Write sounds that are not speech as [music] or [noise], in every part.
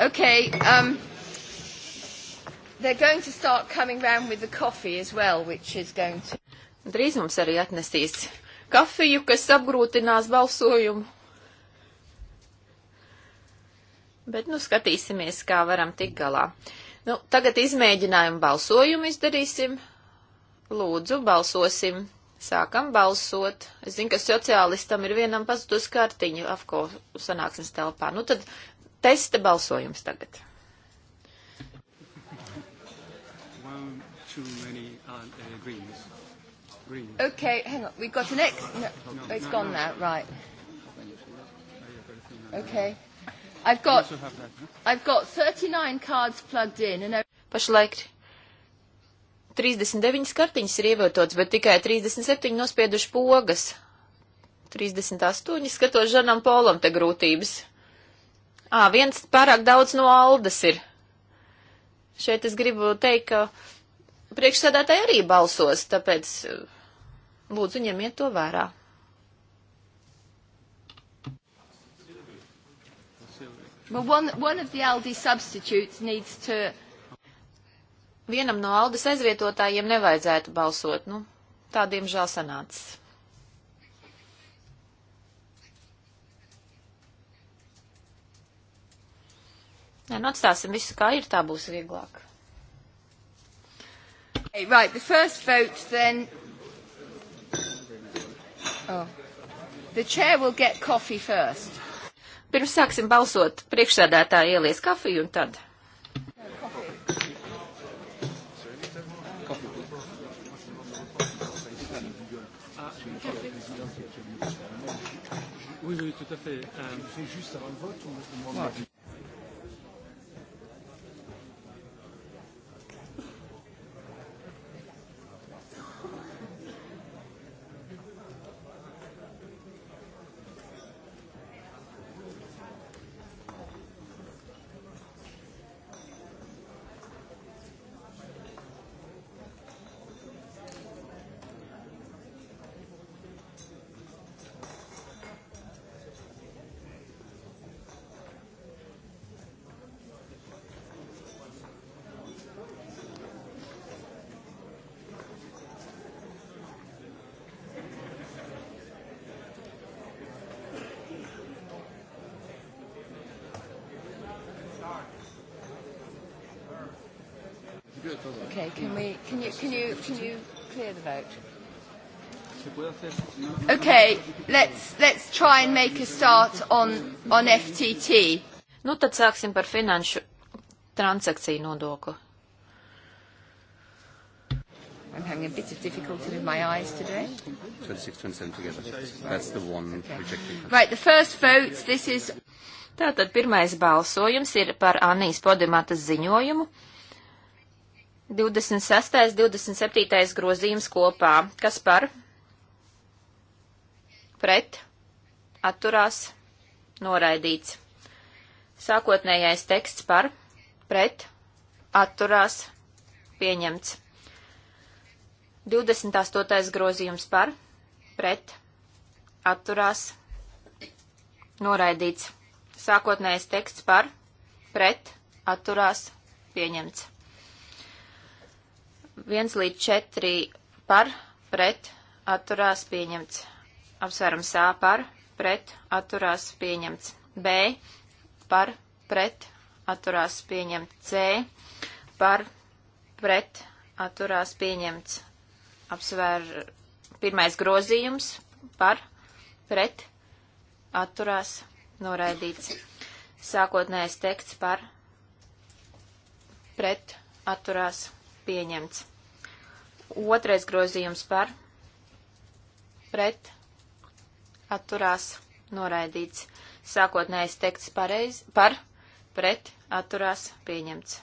Okay, um, they're going to start coming round with the coffee as well, which is going to... Drīz mums arī atnesīs kafiju, kas apgrūtinās balsojumu. Bet, nu, skatīsimies, kā varam tik galā. Nu, tagad izmēģinājumu balsojumu izdarīsim. Lūdzu, balsosim. Sākam balsot. Es zinu, ka sociālistam ir vienam pazudus kartiņa AFCO sanāksmes telpā. Nu, tad testa balsojums tagad. One, too many uh, greens. Green. Okay, hang on. We've got an ex. No, no, it's no, gone no. now. Right. Okay. I've got. That, huh? I've got 39 cards plugged in and. Pašlaik 39 kartiņas ir ievietotas, bet tikai 37 nospieduši pogas. 38 skatos Žanam Polam te grūtības. Ā, viens pārāk daudz no Aldas ir. Šeit es gribu teikt, ka priekšsēdētāji arī balsos, tāpēc uh, lūdzu ņemiet to vērā. One, one to... Vienam no Aldas aizvietotājiem nevajadzētu balsot, nu, tādiem žēl sanācis. Nē, nu atstāsim visu kā ir, tā būs vieglāk. Okay, right, the first vote then. Oh. The chair will get coffee first. Pirms sāksim balsot, priekšsēdētāji ielies kafiju un tad. Oui, oui, tout à fait. Euh... Je fais juste avant le vote ou on demande... Okay, can we, can you, can you, can you clear the vote? Okay, let's, let's try and make a start on, on FTT. Nu tad sāksim par finanšu transakciju nodokli. I'm having a bit of difficulty with my eyes today. 26, 27 together. That's the one okay. rejected. Right, the first vote, this is... Tātad pirmais balsojums ir par Anijas Podimatas ziņojumu. Uh, 26. 27. grozījums kopā. Kas par? Pret. Atturās. Noraidīts. Sākotnējais teksts par. Pret. Atturās. Pieņemts. 28. grozījums par. Pret. Atturās. Noraidīts. Sākotnējais teksts par. Pret. Atturās. Pieņemts. 1 līdz 4 par, pret, atturās pieņemts. Apsvērums A par, pret, atturās pieņemts. B par, pret, atturās pieņemts. C par, pret, atturās pieņemts. Apsvēr pirmais grozījums par, pret, atturās noraidīts. Sākotnējais teksts par, pret, atturās pieņemts Otrais grozījums par pret atturās noraidīts. Sākotnējais teksts pareiz, par pret atturās pieņemts.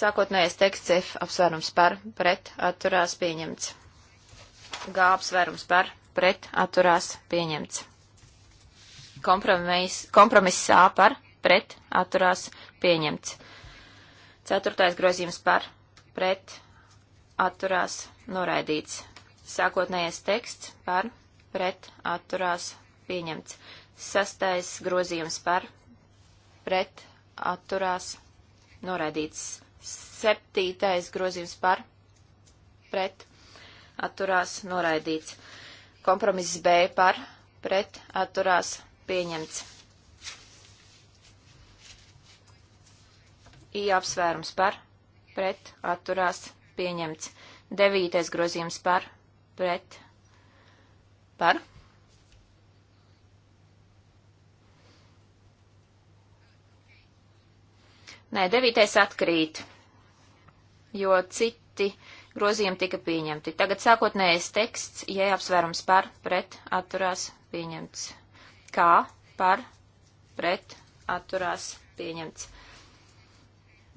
Sākotnējais teksts F apsvērums par pret atturās pieņemts. G apsvērums par pret atturās pieņemts. Kompromiss, kompromiss A par pret atturās pieņemts. Ceturtais grozījums par, pret, atturās, noraidīts. Sākotnējais teksts par, pret, atturās, pieņemts. Sastais grozījums par, pret, atturās, noraidīts. Septītais grozījums par, pret, atturās, noraidīts. Kompromiss B par, pret, atturās, pieņemts. I apsvērums par, pret, atturās, pieņemts. Devītais grozījums par, pret, par. Nē, devītais atkrīt, jo citi grozījumi tika pieņemti. Tagad sākotnējais teksts, ja apsvērums par, pret, atturās, pieņemts. Kā, par, pret, atturās, pieņemts.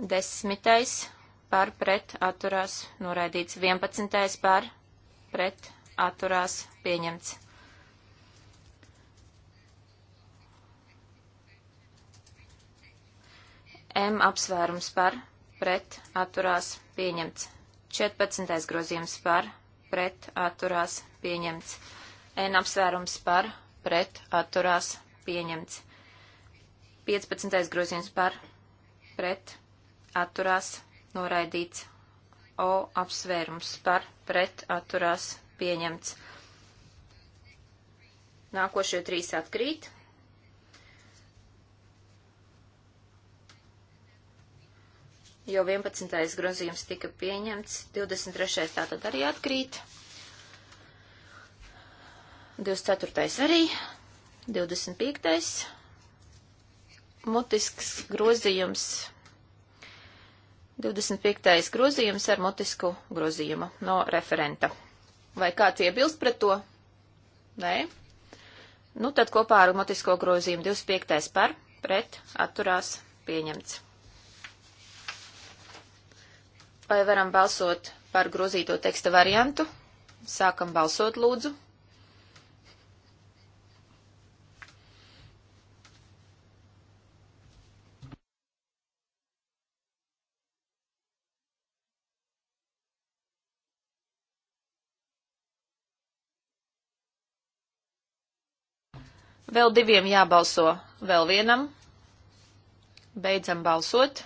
Desmitais par pret atturās noraidīts. Vienpadsmitais par pret atturās pieņemts. M apsvērums par pret atturās pieņemts. 14. grozījums par pret atturās pieņemts. N apsvērums par pret atturās pieņemts. 15. grozījums par pret atturās noraidīts. O apsvērums par pret atturās pieņemts. Nākošie trīs atkrīt. Jo 11. grozījums tika pieņemts, 23. tātad arī atkrīt, 24. arī, 25. mutisks grozījums 25. grozījums ar mutisku grozījumu no referenta. Vai kāds iebilst pret to? Nē. Nu, tad kopā ar mutisko grozījumu 25. par, pret, atturās, pieņemts. Vai varam balsot par grozīto teksta variantu? Sākam balsot, lūdzu. Vēl diviem jābalso, vēl vienam. Beidzam balsot.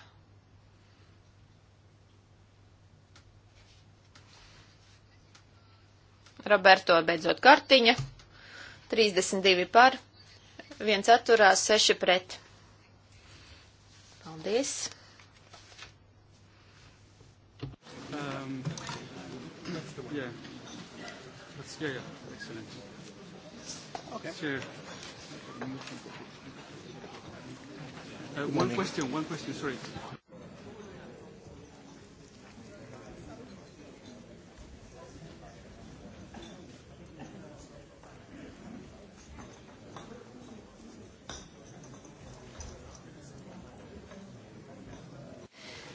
Roberto beidzot kartiņa. 32 par, 1 atturās, 6 pret. Paldies. Um, yeah. That's, yeah, yeah. Excellent. Okay. Cheers. Uh, one question, one question, sorry.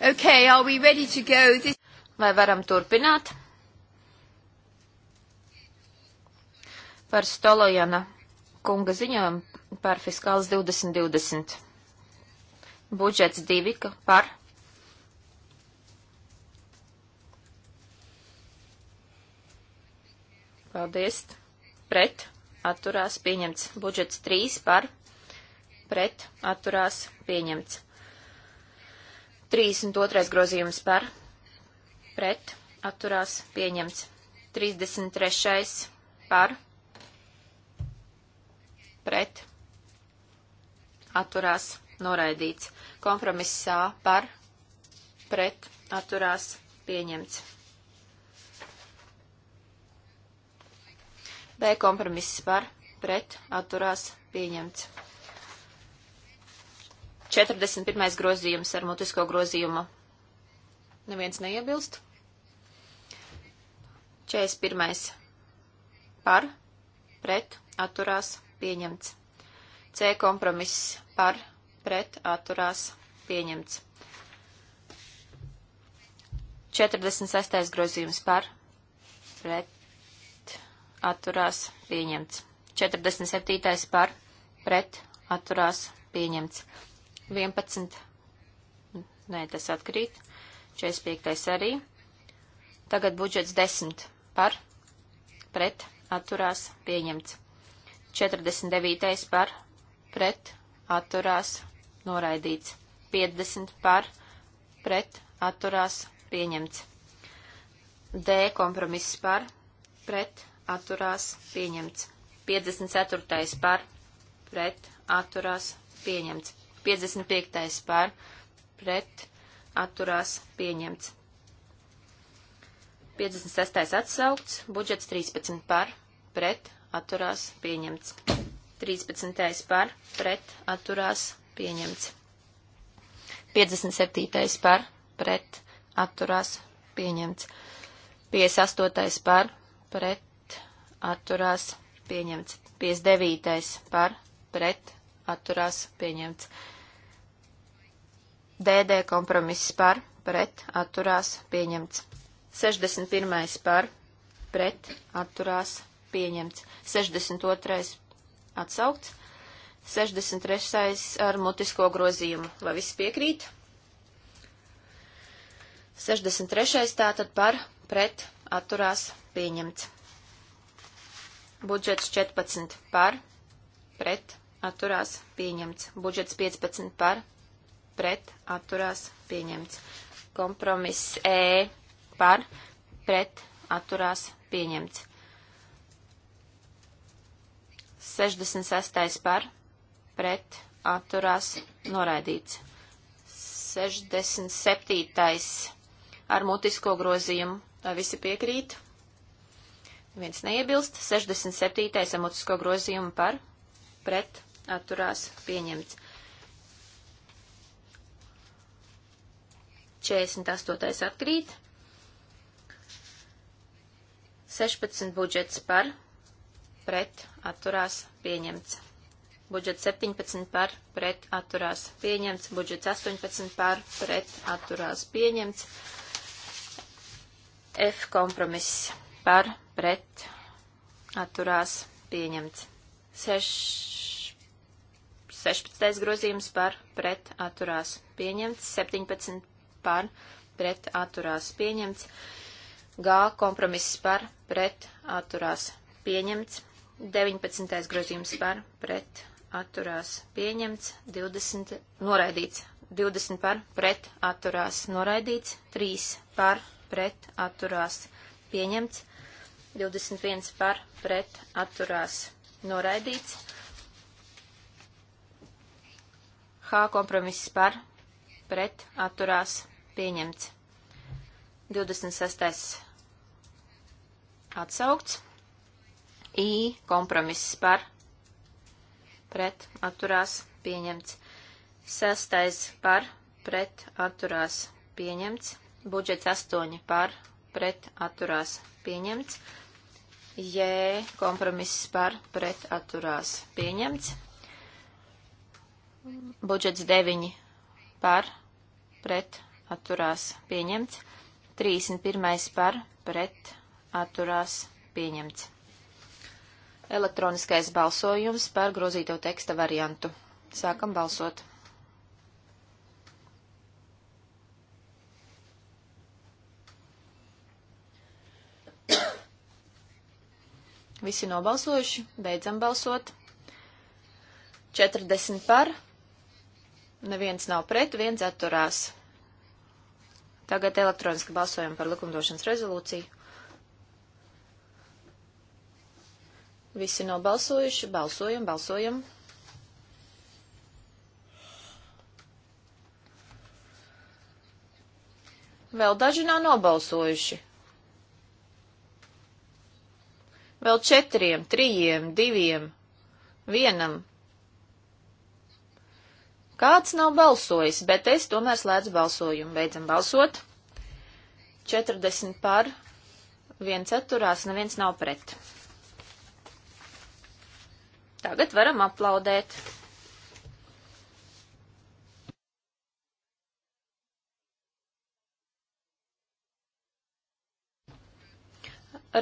Okay, are we ready to go? This... Vai varam turpināt? Par Stolojana kunga ziņojumu par fiskālas 2020. Budžets divi par. Paldies. Pret. Atturās pieņemts. Budžets trīs par. Pret. Atturās pieņemts. 32. grozījums par. Pret. Atturās pieņemts. 33. par pret atturās noraidīts. Kompromiss A par pret atturās pieņemts. B kompromiss par pret atturās pieņemts. 41. grozījums ar mutisko grozījumu. Neviens neiebilst. 41. par pret atturās pieņemts pieņemts. C kompromiss par pret atturās pieņemts. 46. grozījums par pret atturās pieņemts. 47. par pret atturās pieņemts. 11. Nē, tas atkrīt. 45. arī. Tagad budžets 10 par pret atturās pieņemts. 49. par pret atturās noraidīts. 50 par pret atturās pieņemts. D kompromiss par pret atturās pieņemts. 54. par pret atturās pieņemts. 55. par pret atturās pieņemts. 56. atsaukts, budžets 13 par pret atturās pieņemts. 13. par pret atturās pieņemts. 57. par pret atturās pieņemts. 58. par pret atturās pieņemts. 59. par pret atturās pieņemts. DD kompromiss par pret atturās pieņemts. 61. par pret atturās pieņemts pieņemts. 62. atsaukts. 63. ar mutisko grozījumu. Vai viss piekrīt? 63. tātad par pret atturās pieņemts. Budžets 14 par pret atturās pieņemts. Budžets 15 par pret atturās pieņemts. Kompromiss E par pret atturās pieņemts. 66. par pret atturās noraidīts. 67. ar mutisko grozījumu. Vai visi piekrīt? Neviens neiebilst. 67. ar mutisko grozījumu par pret atturās pieņemts. 48. atkrīt. 16 budžets par pret atturās pieņemts. Budžets 17 par pret atturās pieņemts. Budžets 18 par pret atturās pieņemts. F kompromiss par pret atturās pieņemts. 6, 16. grozījums par pret atturās pieņemts. 17 par pret atturās pieņemts. G kompromiss par pret atturās pieņemts. 19. grozījums par pret atturās pieņemts, 20 noraidīts, 20 par pret atturās noraidīts, 3 par pret atturās pieņemts, 21 par pret atturās noraidīts, H kompromiss par pret atturās pieņemts, 26. atsaukts. I kompromiss par pret atturās pieņemts. Sastais par pret atturās pieņemts. Budžets 8 par pret atturās pieņemts. J kompromiss par pret atturās pieņemts. Budžets 9 par pret atturās pieņemts. 31 par pret atturās pieņemts. Elektroniskais balsojums par grozīto teksta variantu. Sākam balsot. Visi nobalsojuši, beidzam balsot. 40 par, neviens nav pret, viens atturās. Tagad elektroniski balsojam par likumdošanas rezolūciju. Visi nobalsojuši. Balsojam, balsojam. Vēl daži nav nobalsojuši. Vēl četriem, trījiem, diviem, vienam. Kāds nav balsojis, bet es tomēr slēdzu balsojumu. Beidzam balsot. 40 par, 1 atturās, neviens nav pret. Tagad varam aplaudēt.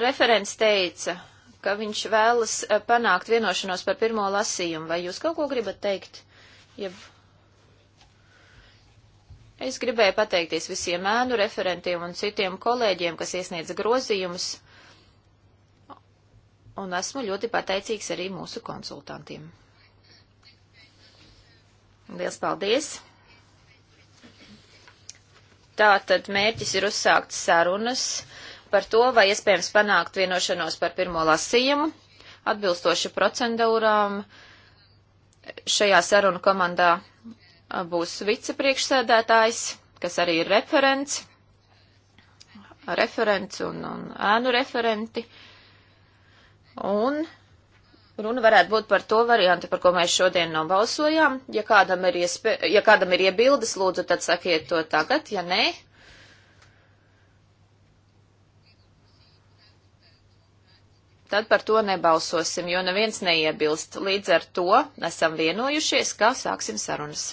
Referents teica, ka viņš vēlas eh, panākt vienošanos par pirmo lasījumu. Vai jūs kaut ko gribat teikt? Jeb... Es gribēju pateikties visiem ēnu referentiem un citiem kolēģiem, kas iesniedza grozījumus un esmu ļoti pateicīgs arī mūsu konsultantiem. Liels paldies! Tātad mērķis ir uzsākt sarunas par to, vai iespējams panākt vienošanos par pirmo lasījumu, atbilstoši procedūrām. Šajā sarunu komandā būs vicepriekšsēdētājs, kas arī ir referents, referents un, un ēnu referenti. Uh, Un runa varētu būt par to variantu, par ko mēs šodien nobalsojām. Ja kādam ir, iespē, ja kādam ir iebildes, lūdzu, tad sakiet to tagad, ja nē. Tad par to nebalsosim, jo neviens neiebilst. Līdz ar to esam vienojušies, kā sāksim sarunas.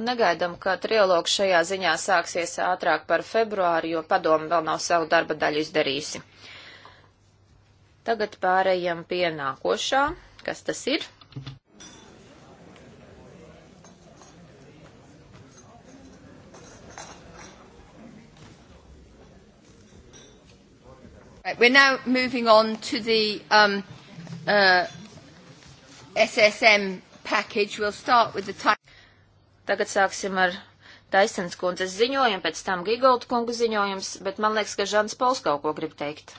un negaidam, ka trialogs šajā ziņā sāksies ātrāk par februāru, jo padomu vēl nav savu darba daļu izdarījusi. Tagad pārējiem pie nākošā. Kas tas ir? We're now moving on to the um, uh, SSM package. We'll start with the type. Tagad sāksim ar Taisens kundzes ziņojumu, pēc tam Gigolda kunga ziņojums, bet man liekas, ka Žans Pols kaut ko grib teikt.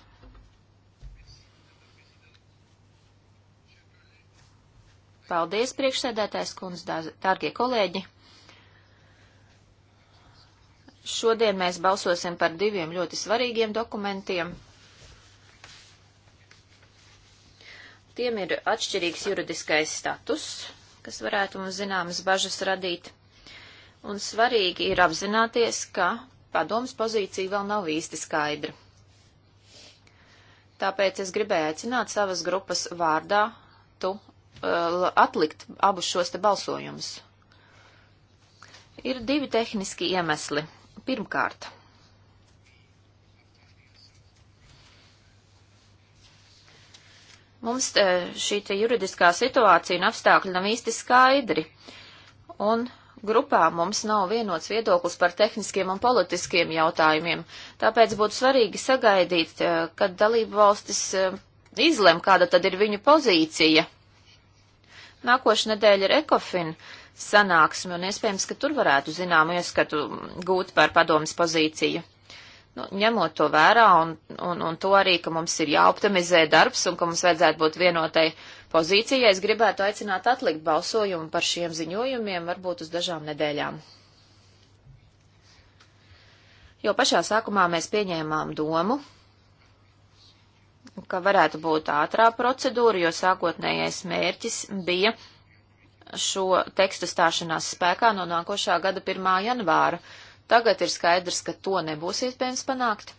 Paldies, priekšsēdētājs kundze, dārgie kolēģi! Šodien mēs balsosim par diviem ļoti svarīgiem dokumentiem. Tiem ir atšķirīgs juridiskais status, kas varētu mums zināmas bažas radīt. Un svarīgi ir apzināties, ka padomas pozīcija vēl nav īsti skaidra. Tāpēc es gribēju aicināt savas grupas vārdā tu uh, atlikt abus šos te balsojumus. Ir divi tehniski iemesli. Pirmkārt, mums uh, šī juridiskā situācija un apstākļi nav īsti skaidri. Un grupā mums nav vienots viedoklis par tehniskiem un politiskiem jautājumiem, tāpēc būtu svarīgi sagaidīt, eh, kad dalību valstis eh, izlem, kāda tad ir viņu pozīcija. Nākošais nedēļa ir ECOFIN sanāksme, un iespējams, ka tur varētu zināmu ieskatu gūt par padomas pozīciju. Nu, ņemot to vērā un, un, un to arī, ka mums ir jāoptimizē darbs un ka mums vajadzētu būt vienotai pozīcijai, es gribētu aicināt atlikt balsojumu par šiem ziņojumiem varbūt uz dažām nedēļām. Jo pašā sākumā mēs pieņēmām domu, ka varētu būt ātrā procedūra, jo sākotnējais mērķis bija šo tekstu stāšanās spēkā no nākošā gada 1. janvāra. Tagad ir skaidrs, ka to nebūs iespējams panākt.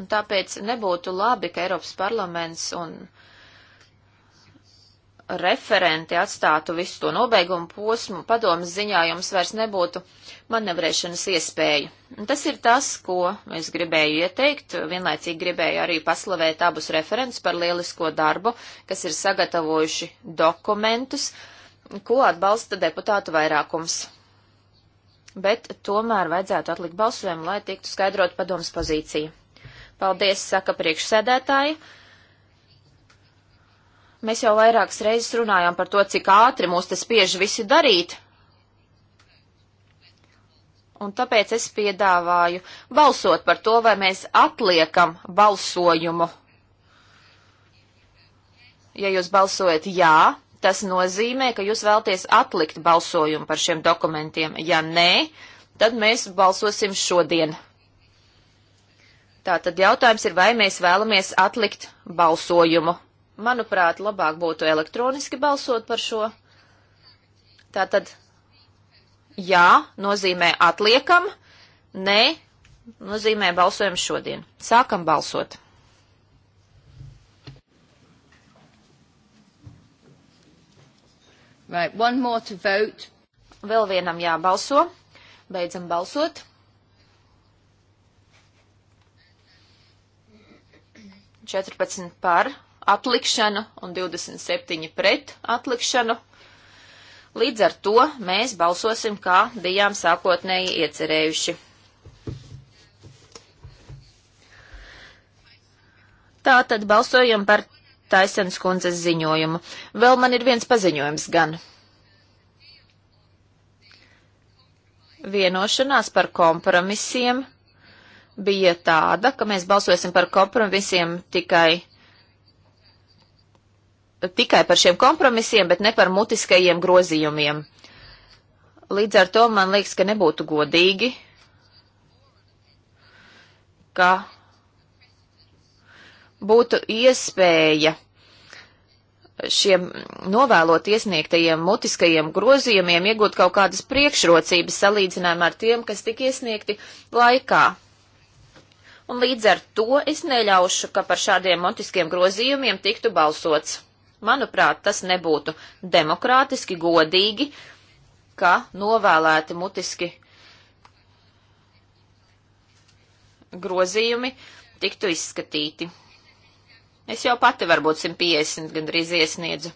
Un tāpēc nebūtu labi, ka Eiropas parlaments un referenti atstātu visu to nobeigumu posmu, padomas ziņā jums vairs nebūtu manevrēšanas iespēja. Un tas ir tas, ko es gribēju ieteikt, vienlaicīgi gribēju arī paslavēt abus referents par lielisko darbu, kas ir sagatavojuši dokumentus, uh, ko atbalsta deputātu vairākums. Bet tomēr vajadzētu atlikt balsojumu, lai tiktu skaidrot padomas pozīciju. Paldies, saka priekšsēdētāji. Mēs jau vairākas reizes runājām par to, cik ātri mūs te spiež visi darīt. Un tāpēc es piedāvāju balsot par to, vai mēs atliekam balsojumu. Ja jūs balsojat jā, Tas nozīmē, ka jūs vēlties atlikt balsojumu par šiem dokumentiem. Ja nē, tad mēs balsosim šodien. Tātad jautājums ir, vai mēs vēlamies atlikt balsojumu. Manuprāt, labāk būtu elektroniski balsot par šo. Tātad jā nozīmē atliekam, nē nozīmē balsojam šodien. Sākam balsot. Right, one more to vote. Vēl vienam jābalso. Beidzam balsot. Četrpadsmit par atlikšanu un 27 pret atlikšanu. Līdz ar to mēs balsosim, kā bijām sākotnēji iecerējuši. Tātad balsojam par Taisens kundzes ziņojumu. Vēl man ir viens paziņojums gan. Vienošanās par kompromisiem bija tāda, ka mēs balsosim par kompromisiem tikai, tikai par šiem kompromisiem, bet ne par mutiskajiem grozījumiem. Līdz ar to man liekas, ka nebūtu godīgi, ka būtu iespēja šiem novēlot iesniegtajiem mutiskajiem grozījumiem iegūt kaut kādas priekšrocības salīdzinājumā ar tiem, kas tika iesniegti laikā. Un līdz ar to es neļaušu, ka par šādiem mutiskiem grozījumiem tiktu balsots. Manuprāt, tas nebūtu demokrātiski godīgi, ka novēlēti mutiski grozījumi tiktu izskatīti. Es jau pati varbūt 150 gandrīz iesniedzu.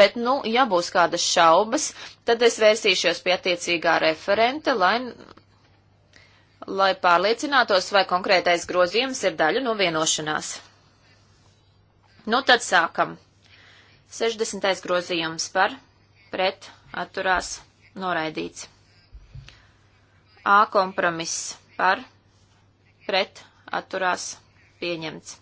Bet, nu, ja būs kādas šaubas, tad es vērsīšos pie attiecīgā referenta, lai, lai pārliecinātos, vai konkrētais grozījums ir daļa no vienošanās. Nu, tad sākam. 60. grozījums par pret atturās noraidīts. A kompromiss par pret atturās pieņemts.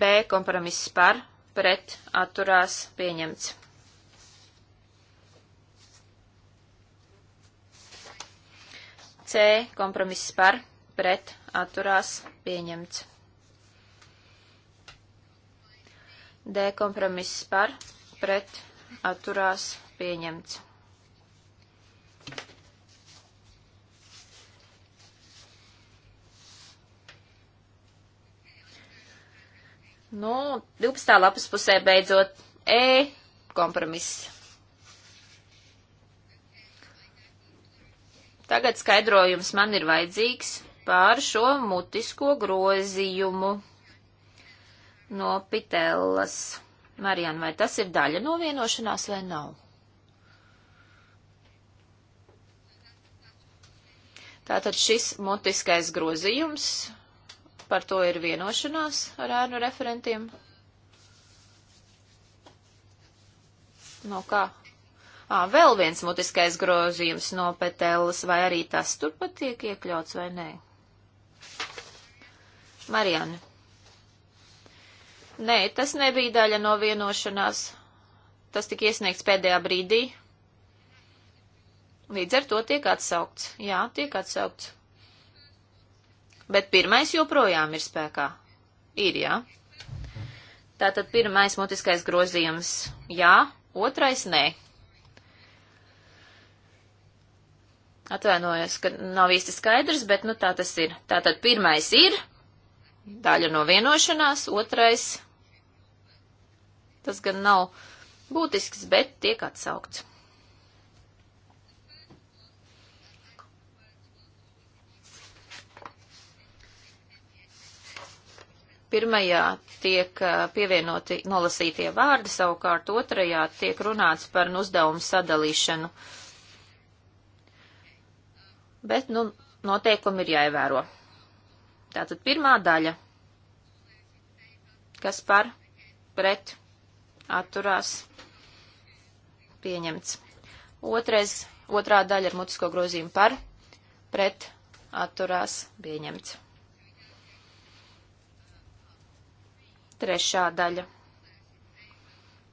B kompromiss par, pret, atturās, pieņemts. C kompromiss par, pret, atturās, pieņemts. D kompromiss par, pret, atturās, pieņemts. Nu, 12. lapas pusē beidzot E kompromiss. Tagad skaidrojums man ir vajadzīgs pār šo mutisko grozījumu no Pitellas. Marian, vai tas ir daļa no vienošanās vai nav? Tātad šis mutiskais grozījums Par to ir vienošanās ar ēnu referentiem. No nu, kā? Ā, vēl viens mutiskais grozījums no Petelas, vai arī tas turpat tiek iekļauts vai nē? Marianne. Nē, tas nebija daļa no vienošanās. Tas tika iesniegts pēdējā brīdī. Līdz ar to tiek atsaukts. Jā, tiek atsaukts. Bet pirmais joprojām ir spēkā. Ir, jā. Tātad pirmais mutiskais grozījums jā, otrais nē. Atvainojos, ka nav īsti skaidrs, bet nu tā tas ir. Tātad pirmais ir daļa no vienošanās, otrais tas gan nav būtisks, bet tiek atsaukts. Pirmajā tiek uh, pievienoti nolasītie vārdi, savukārt otrajā tiek runāts par uzdevumu sadalīšanu. Bet, nu, noteikumi ir jāievēro. Tātad pirmā daļa, kas par pret atturās pieņemts. Otrais, otrā daļa ar mutisko grozījumu par pret atturās pieņemts. Trešā daļa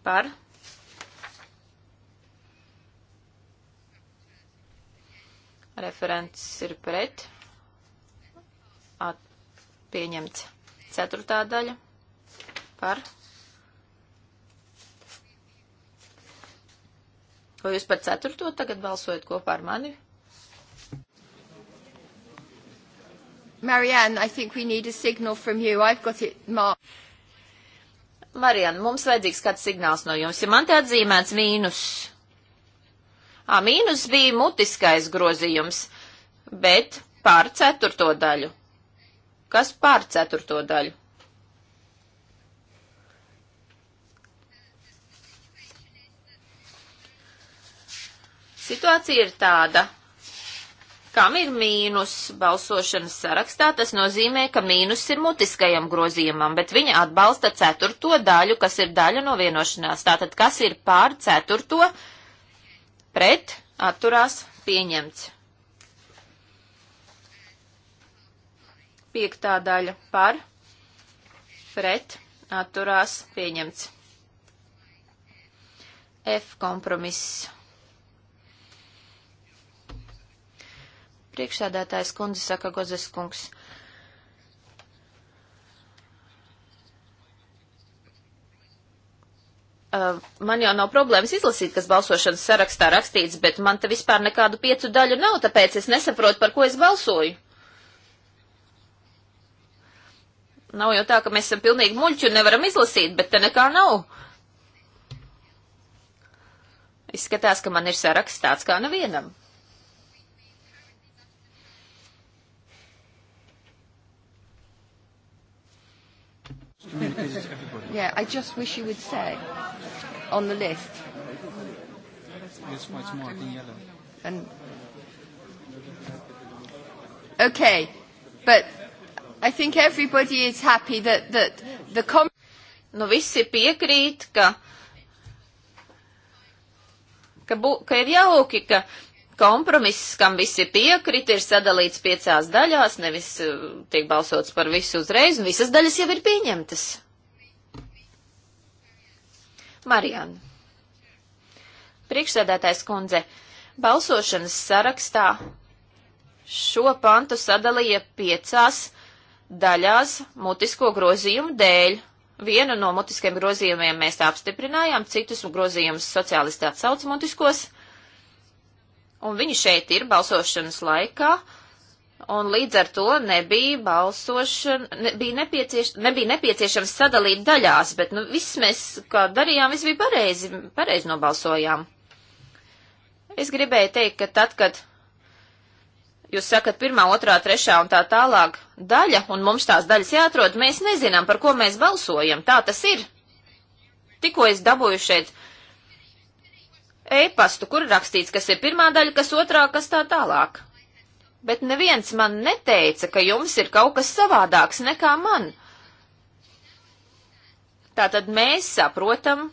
par referents ir pret, at, pieņemts. Ceturtā daļa par. Ko jūs par ceturto tagad balsojat kopā ar mani? Marianne, I think we need a signal from you. I've got it marked. Marian, mums vajadzīgs kāds signāls no jums. Ja man te atzīmēts mīnus. Ā, mīnus bija mutiskais grozījums, bet pār ceturto daļu. Kas pār ceturto daļu? Situācija ir tāda, Kam ir mīnus balsošanas sarakstā, tas nozīmē, ka mīnus ir mutiskajam grozījumam, bet viņa atbalsta ceturto daļu, kas ir daļa no vienošanās. Tātad, kas ir pār ceturto, pret, atturās, pieņemts. Piektā daļa par, pret, atturās, pieņemts. F kompromiss. Priekšsēdētājs kundze saka Gozes kungs. Uh, man jau nav problēmas izlasīt, kas balsošanas sarakstā rakstīts, bet man te vispār nekādu piecu daļu nav, tāpēc es nesaprotu, par ko es balsoju. Nav jau tā, ka mēs esam pilnīgi muļķi un nevaram izlasīt, bet te nekā nav. Izskatās, ka man ir saraksts tāds kā nevienam. yeah, I just wish you would say on the list. Yes, what's marked in yellow. And okay, but I think everybody is happy that that the com. Nu visi piekrīt, ka ka, bū, ka ir jauki, ka kompromiss, kam visi piekrita, ir sadalīts piecās daļās, nevis e, tiek balsots par visu uzreiz, un visas daļas jau ir pieņemtas. Marianne. Priekšsēdētājs kundze, balsošanas sarakstā šo pantu sadalīja piecās daļās mutisko grozījumu dēļ. Vienu no mutiskiem grozījumiem mēs apstiprinājām, citus grozījumus sociālisti atsauca mutiskos. Uh, un viņi šeit ir balsošanas laikā, un līdz ar to nebija balsošana, nebija, nepiecieš, nebija nepieciešams sadalīt daļās, bet, nu, viss mēs, kā darījām, viss bija pareizi, pareizi nobalsojām. Es gribēju teikt, ka tad, kad jūs sakat pirmā, otrā, trešā un tā tālāk daļa, un mums tās daļas jāatrod, mēs nezinām, par ko mēs balsojam. Tā tas ir. Tikko es dabūju šeit e-pastu, kur rakstīts, kas ir pirmā daļa, kas otrā, kas tā tālāk. Bet neviens man neteica, ka jums ir kaut kas savādāks nekā man. Tātad mēs saprotam,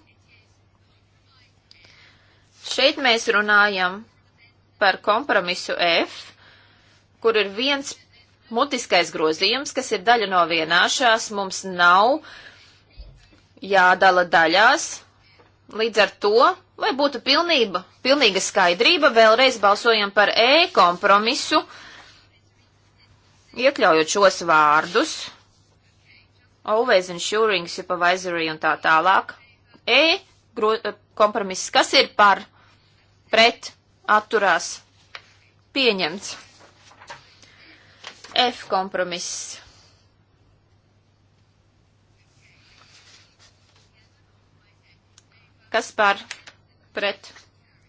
šeit mēs runājam par kompromisu F, kur ir viens mutiskais grozījums, kas ir daļa no vienāšās, mums nav jādala daļās, līdz ar to Lai būtu pilnība, pilnīga skaidrība, vēlreiz balsojam par E kompromisu, iekļaujot šos vārdus. Always ensuring supervisory un tā tālāk. E eh, kompromiss, kas ir par, pret, atturās, pieņemts. F kompromiss. Kas par pret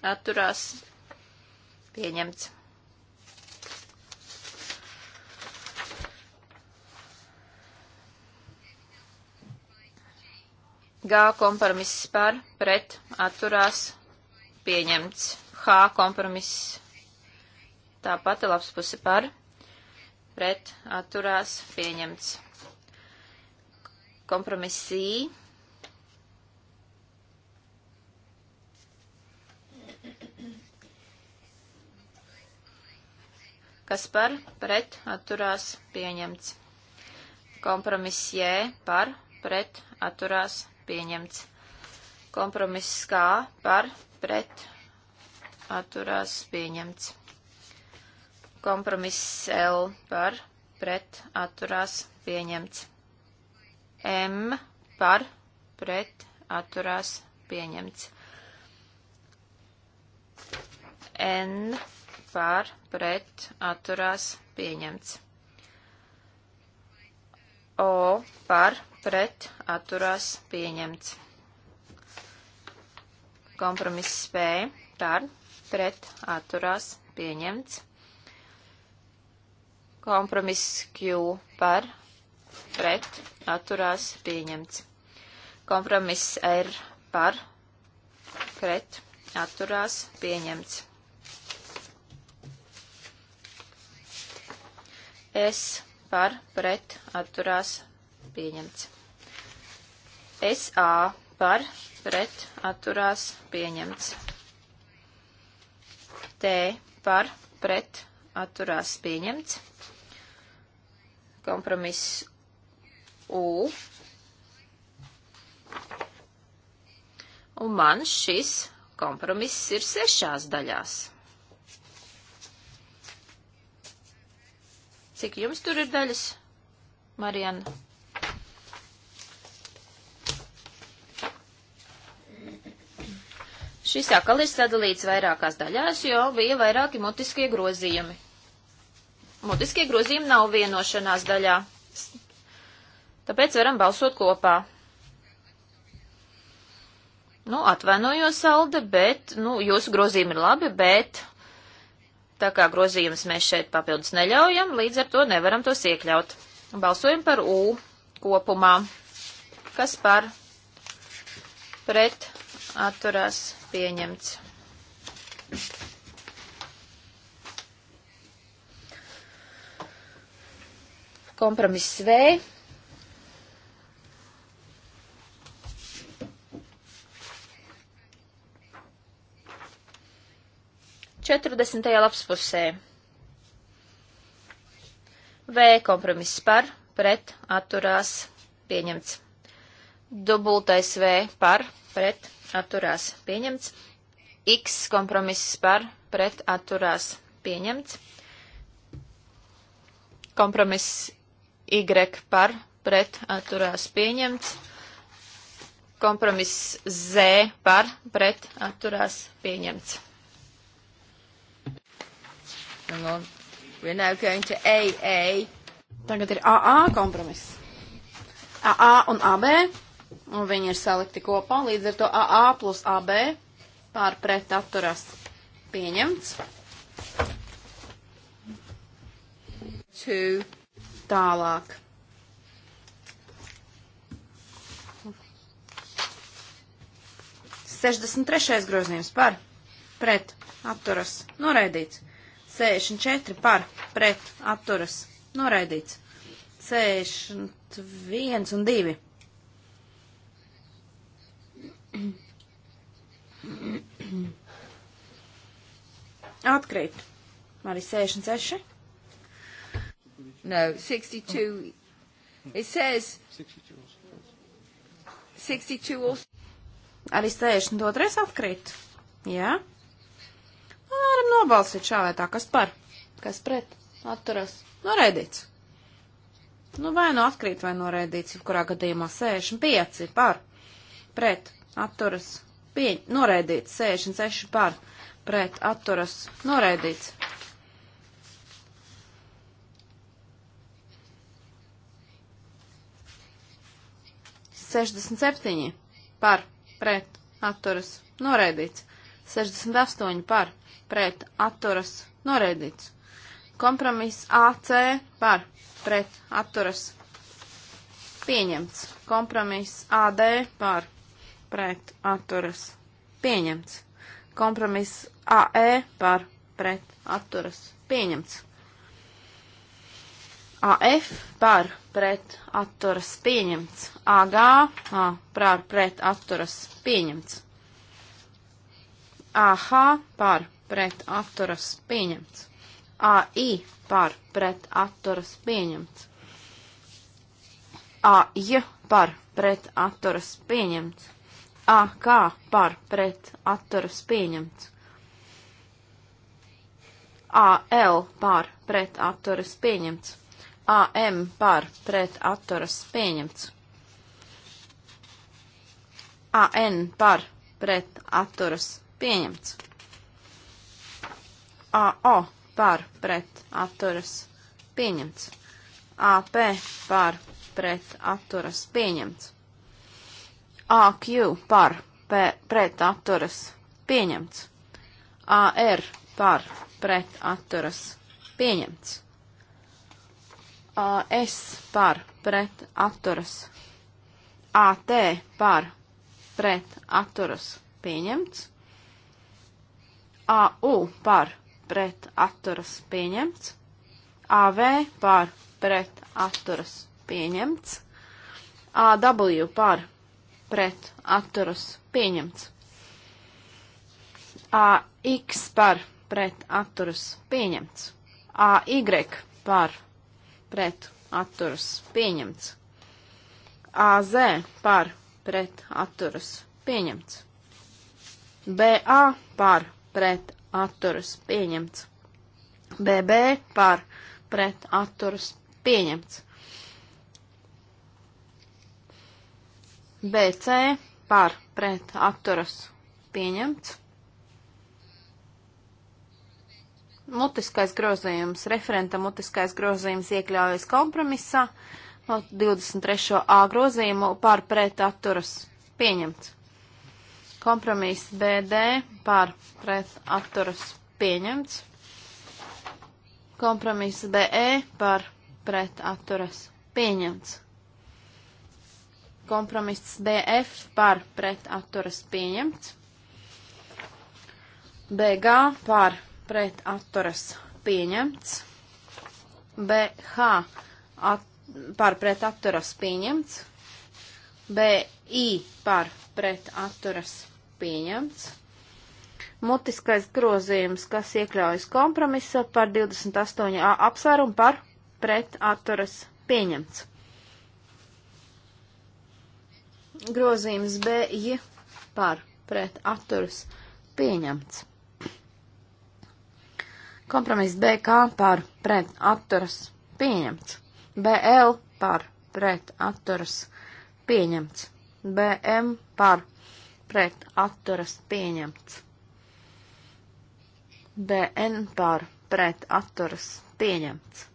atturās pieņemts. G kompromiss par, pret, atturās, pieņemts. H kompromiss tāpat labs pusi par, pret, atturās, pieņemts. Kompromiss I kas par pret atturās pieņemts. Kompromiss J par pret atturās pieņemts. Kompromiss K par pret atturās pieņemts. Kompromiss L par pret atturās pieņemts. M par pret atturās pieņemts. N pār, pret, atturās, pieņemts. O par, pret, atturās, pieņemts. Kompromiss P par, pret, atturās, pieņemts. Kompromiss Q par, pret, atturās, pieņemts. Kompromiss R par, pret, atturās, pieņemts. S par pret atturās pieņemts. SA par pret atturās pieņemts. T par pret atturās pieņemts. Kompromiss U. Un man šis kompromiss ir sešās daļās. Cik jums tur ir daļas, Marianna? Šis akal ir sadalīts vairākās daļās, jo bija vairāki mutiskie grozījumi. Mutiskie grozījumi nav vienošanās daļā, tāpēc varam balsot kopā. Nu, atvainojos, Alde, bet, nu, jūsu grozījumi ir labi, bet Tā kā grozījumus mēs šeit papildus neļaujam, līdz ar to nevaram tos iekļaut. Balsojam par U kopumā. Kas par pret atturās pieņemts? Kompromiss V 40. lapspusē. V kompromiss par, pret, atturās, pieņemts. Dubultais V par, pret, atturās, pieņemts. X kompromiss par, pret, atturās, pieņemts. Kompromiss Y par, pret, atturās, pieņemts. Kompromiss Z par, pret, atturās, pieņemts. Hang on. We're now going to AA. Tagad ir AA kompromiss. AA un AB, un viņi ir salikti kopā, līdz ar to AA plus AB pār pret atturas pieņemts. Two. Tālāk. Sešdesmit trešais grozījums par pret atturas noraidīts. 64 par pret atturas noraidīts. 61 un 2. Atkrīt. Arī 66. No, 62. It says 62 also. 62 also. Arī 62 atkrīt. Jā. Yeah. Varam nobalsīt šā vai tā, kas par, kas pret, atturas, noraidīts. Nu, vai nu atkrīt, vai noraidīts, kurā gadījumā 65 par, pret, atturas, pieņ, noraidīts, 66 par, pret, atturas, noraidīts. Sešdesmit septiņi par, pret, atturas, noraidīts. 68 par, pret atturas noraidīts. Kompromiss AC par, pret atturas pieņemts. Kompromiss AD par, pret atturas pieņemts. Kompromiss AE par, pret atturas pieņemts. AF par pret atturas pieņemts. AG par pret atturas pieņemts. AH par pret atturas pieņemts. AI par pret atturas pieņemts. AJ par pret atturas pieņemts. AK par pret atturas pieņemts. AL par pret atturas pieņemts. AM par pret atturas pieņemts. AN par pret atturas pieņemts. Pieņemts. AO par pret atturas pieņemts. AP par pret atturas pieņemts. AQ par pret atturas pieņemts. AR par pret atturas pieņemts. AS par pret atturas. AT par pret atturas pieņemts. AU par pret atturas pieņemts, AV par pret atturas pieņemts, AW par pret atturas pieņemts, AX par pret atturas pieņemts, AY par pret atturas pieņemts, AZ par pret atturas pieņemts, BA par pret pret atturas pieņemts. BB par pret atturas pieņemts. BC par pret atturas pieņemts. Mutiskais grozījums, referenta mutiskais grozījums iekļaujas kompromisā no 23. A grozījumu par pret atturas pieņemts. Kompromiss BD par pret atturas pieņemts. Kompromiss BE par pret atturas pieņemts. Kompromiss BF par pret atturas pieņemts. BG par pret atturas pieņemts. BH at, par pret atturas pieņemts. BI par pret atturas pieņemts pieņemts. Mutiskais grozījums, kas iekļaujas kompromisa par 28a apsvērumu par pret atturas pieņemts. Grozījums BI par pret atturas pieņemts. Kompromiss BK par pret atturas pieņemts. BL par pret atturas pieņemts. BM par pret atturas pieņemts. BN par pret atturas pieņemts.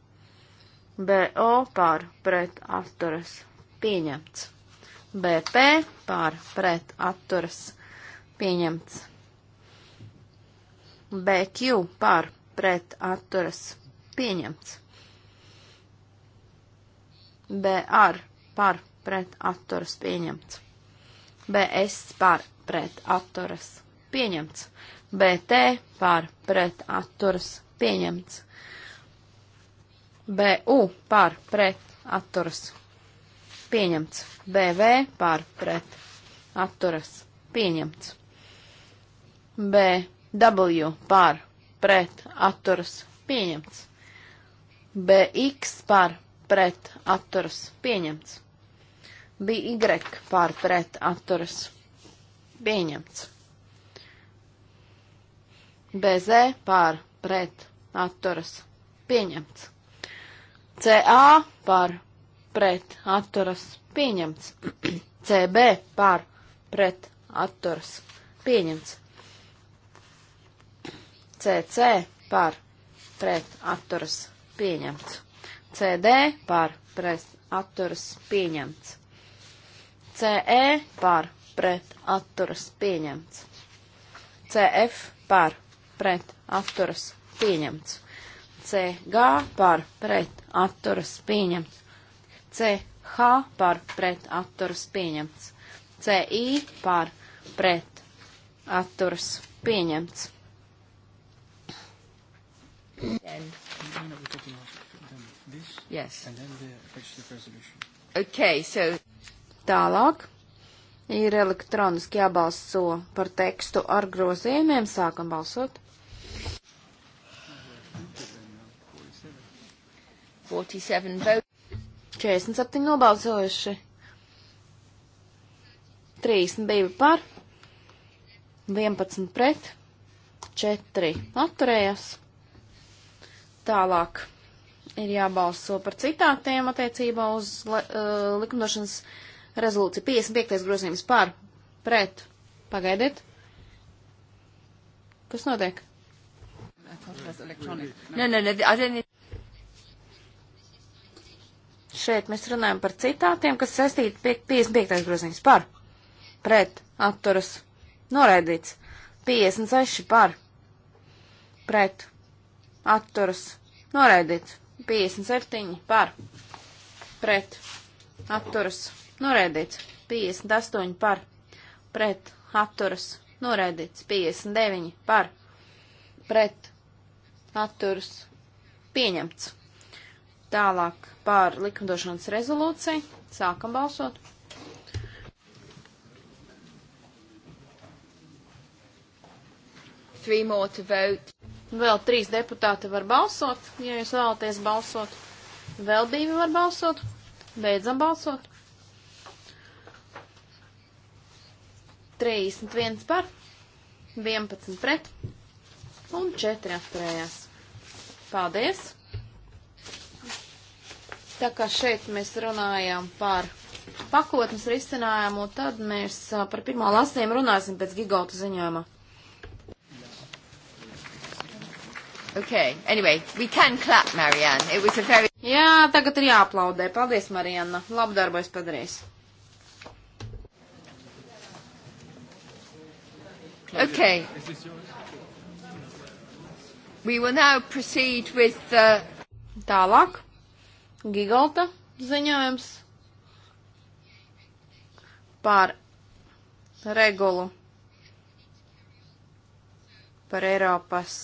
BO par pret atturas pieņemts. BP par pret atturas pieņemts. BQ par pret atturas pieņemts. BR par pret atturas pieņemts. BS par pret atturas pieņemts. BT par pret atturas pieņemts. BU par pret atturas pieņemts. BV par pret atturas pieņemts. BW par pret atturas pieņemts. BX par pret atturas pieņemts bija Y pārpret atturas pieņemts. BZ pārpret atturas pieņemts. CA pārpret atturas pieņemts. CB [clears throat] pārpret atturas pieņemts. CC pārpret atturas pieņemts. CD pārpret atturas pieņemts. CE par pret atturas pieņemts. CF par pret atturas pieņemts. CG par pret atturas pieņemts. CH par pret atturas pieņemts. CI par pret atturas pieņemts. Yes. And then the resolution. Okay, so Tālāk ir elektroniski jābalso par tekstu ar grozījumiem. Sākam balsot. 47 nobalsojuši. 32 par, 11 pret, 4 atturējās. Tālāk ir jābalso par citātiem attiecībā uz uh, likumdošanas uh, rezolūcija 55. grozījums par, pret, pagaidiet. Kas notiek? Nē, nē, nē, šeit mēs runājam par citātiem, kas saistīti 55. grozījums par, pret, atturas, noraidīts, 56 par, pret, atturas, noraidīts, 57 par, pret, atturas, noraidīts noraidīts 58 par, pret atturas noraidīts 59 par, pret atturas pieņemts. Tālāk par likumdošanas rezolūciju sākam balsot. Three more to vote. Vēl trīs deputāti var balsot, ja jūs vēlaties balsot. Vēl divi var balsot. Beidzam balsot. 31 par, 11 pret un 4 atturējās. Paldies! Tā kā šeit mēs runājām par pakotnes risinājumu, tad mēs par pirmā lasījumu runāsim pēc gigauta ziņojuma. Okay. Anyway, we can clap, Marianne. It was a very... Jā, tagad ir jāaplaudē. Paldies, Marianna. Labu darbu es padarīju. Okay. We will now proceed with the... Tālāk. Gigalta ziņojums par regulu par Eiropas.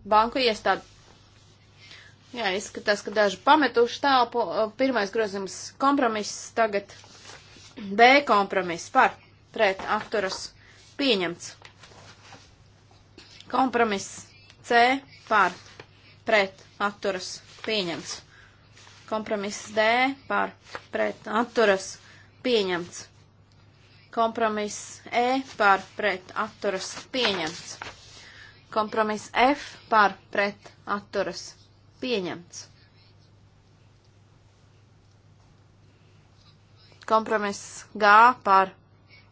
Banku iestādi. Jā, izskatās, ka daži pametuši tālpu. Pirmais grozījums kompromiss tagad B kompromiss par pret atturas pieņemts. Kompromiss C par pret atturas pieņemts. Kompromiss D par pret atturas pieņemts. Kompromiss E par pret atturas pieņemts. Kompromiss F par pret atturas pieņemts. Kompromiss G par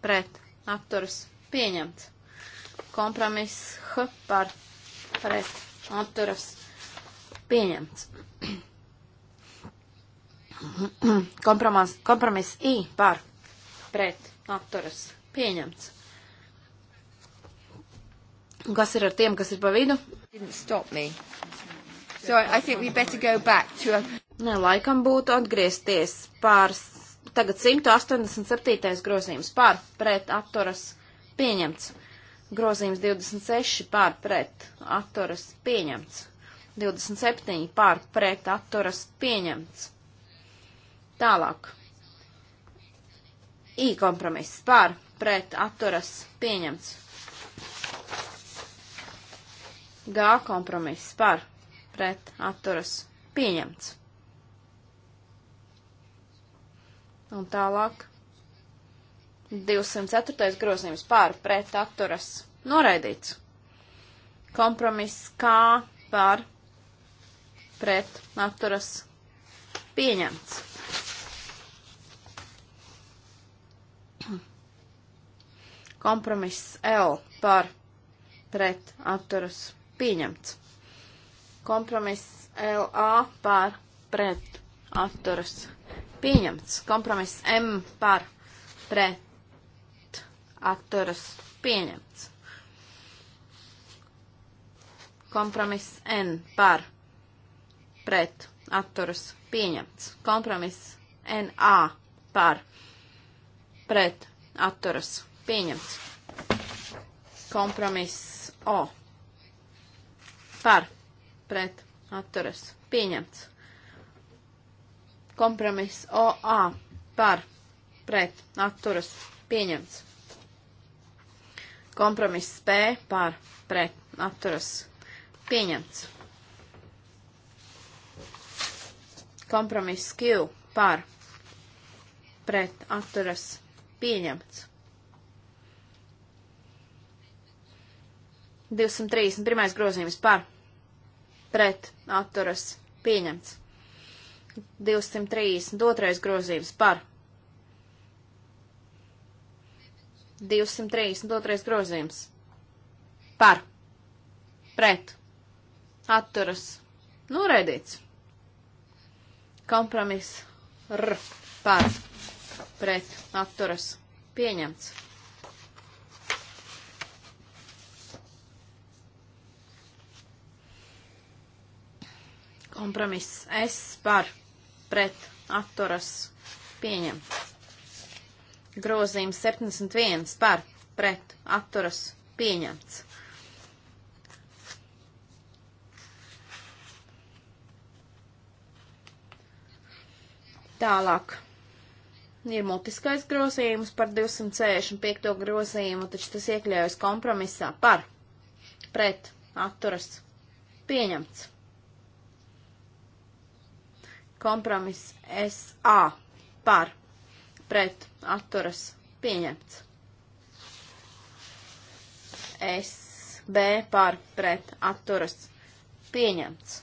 pret atturas pieņemts. Kompromiss H par pret atturas pieņemts. [clears throat] Kompromis, kompromiss I par pret atturas pieņemts. Un kas ir ar tiem, kas ir pa vidu? So a... Nē, laikam būtu atgriezties pāris Tagad 187. grozījums par pret atturas pieņemts. Grozījums 26 par pret atturas pieņemts. 27 par pret atturas pieņemts. Tālāk. I kompromiss par pret atturas pieņemts. G kompromiss par pret atturas pieņemts. Un tālāk 204. grozījums pār pret atturas noraidīts. Kompromiss kā pār pret atturas pieņemts. Kompromiss L par pret atturas pieņemts. Kompromiss LA par pret atturas pieņemts pieņemts. Kompromiss M par pret atturas pieņemts. Kompromiss N par pret atturas pieņemts. Kompromiss NA par pret atturas pieņemts. Kompromiss O par pret atturas pieņemts Kompromiss OA par pret atturas pieņemts. Kompromiss P par pret atturas pieņemts. Kompromiss Q par pret atturas pieņemts. 231. grozījums par pret atturas pieņemts. 232. grozījums par. 232. grozījums par. Pret. Atturas. Noraidīts. Kompromiss. R. Par. Pret. Atturas. Pieņemts. kompromiss. Es par pret atturas pieņemts. Grozījums 71 par pret atturas pieņemts. Tālāk ir mutiskais grozījums par 265. grozījumu, taču tas iekļaujas kompromisā par pret atturas pieņemts. Kompromiss SA par pret atturas pieņemts. SB par pret atturas pieņemts.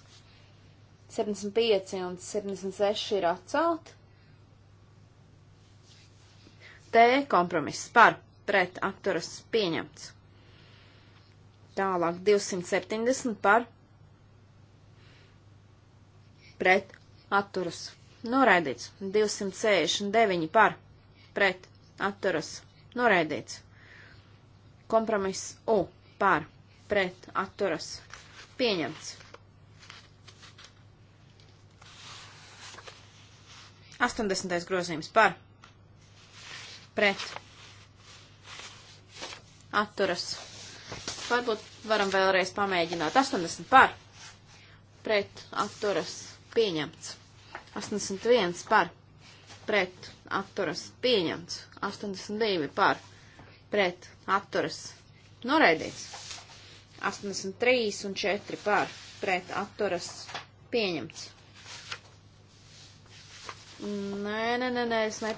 75 un 76 ir atcelt. T kompromiss par pret atturas pieņemts. Tālāk 270 par pret atturas, noraidīts. 269 par, pret, atturas, noraidīts. Kompromiss U par, pret, atturas, pieņemts. 80. grozījums par, pret, atturas. Varbūt varam vēlreiz pamēģināt. 80 par, pret, atturas pieņemts. 81 par pret atturas pieņemts. 82 par pret atturas noraidīts. 83 un 4 par pret atturas pieņemts. Nē, nē, nē, nē, es ne.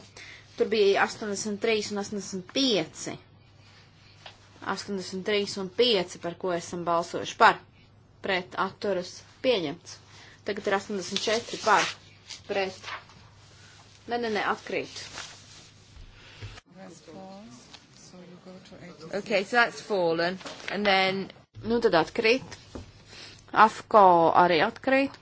Tur bija 83 un 85. 83 un 5, par ko esam balsojuši par pret atturas pieņemts. Tagad ir 84 par pret. Nē, nē, nē, atkrīt. Okay, so that's fallen. And then... Nu, tad atkrīt. Afko arī atkrīt.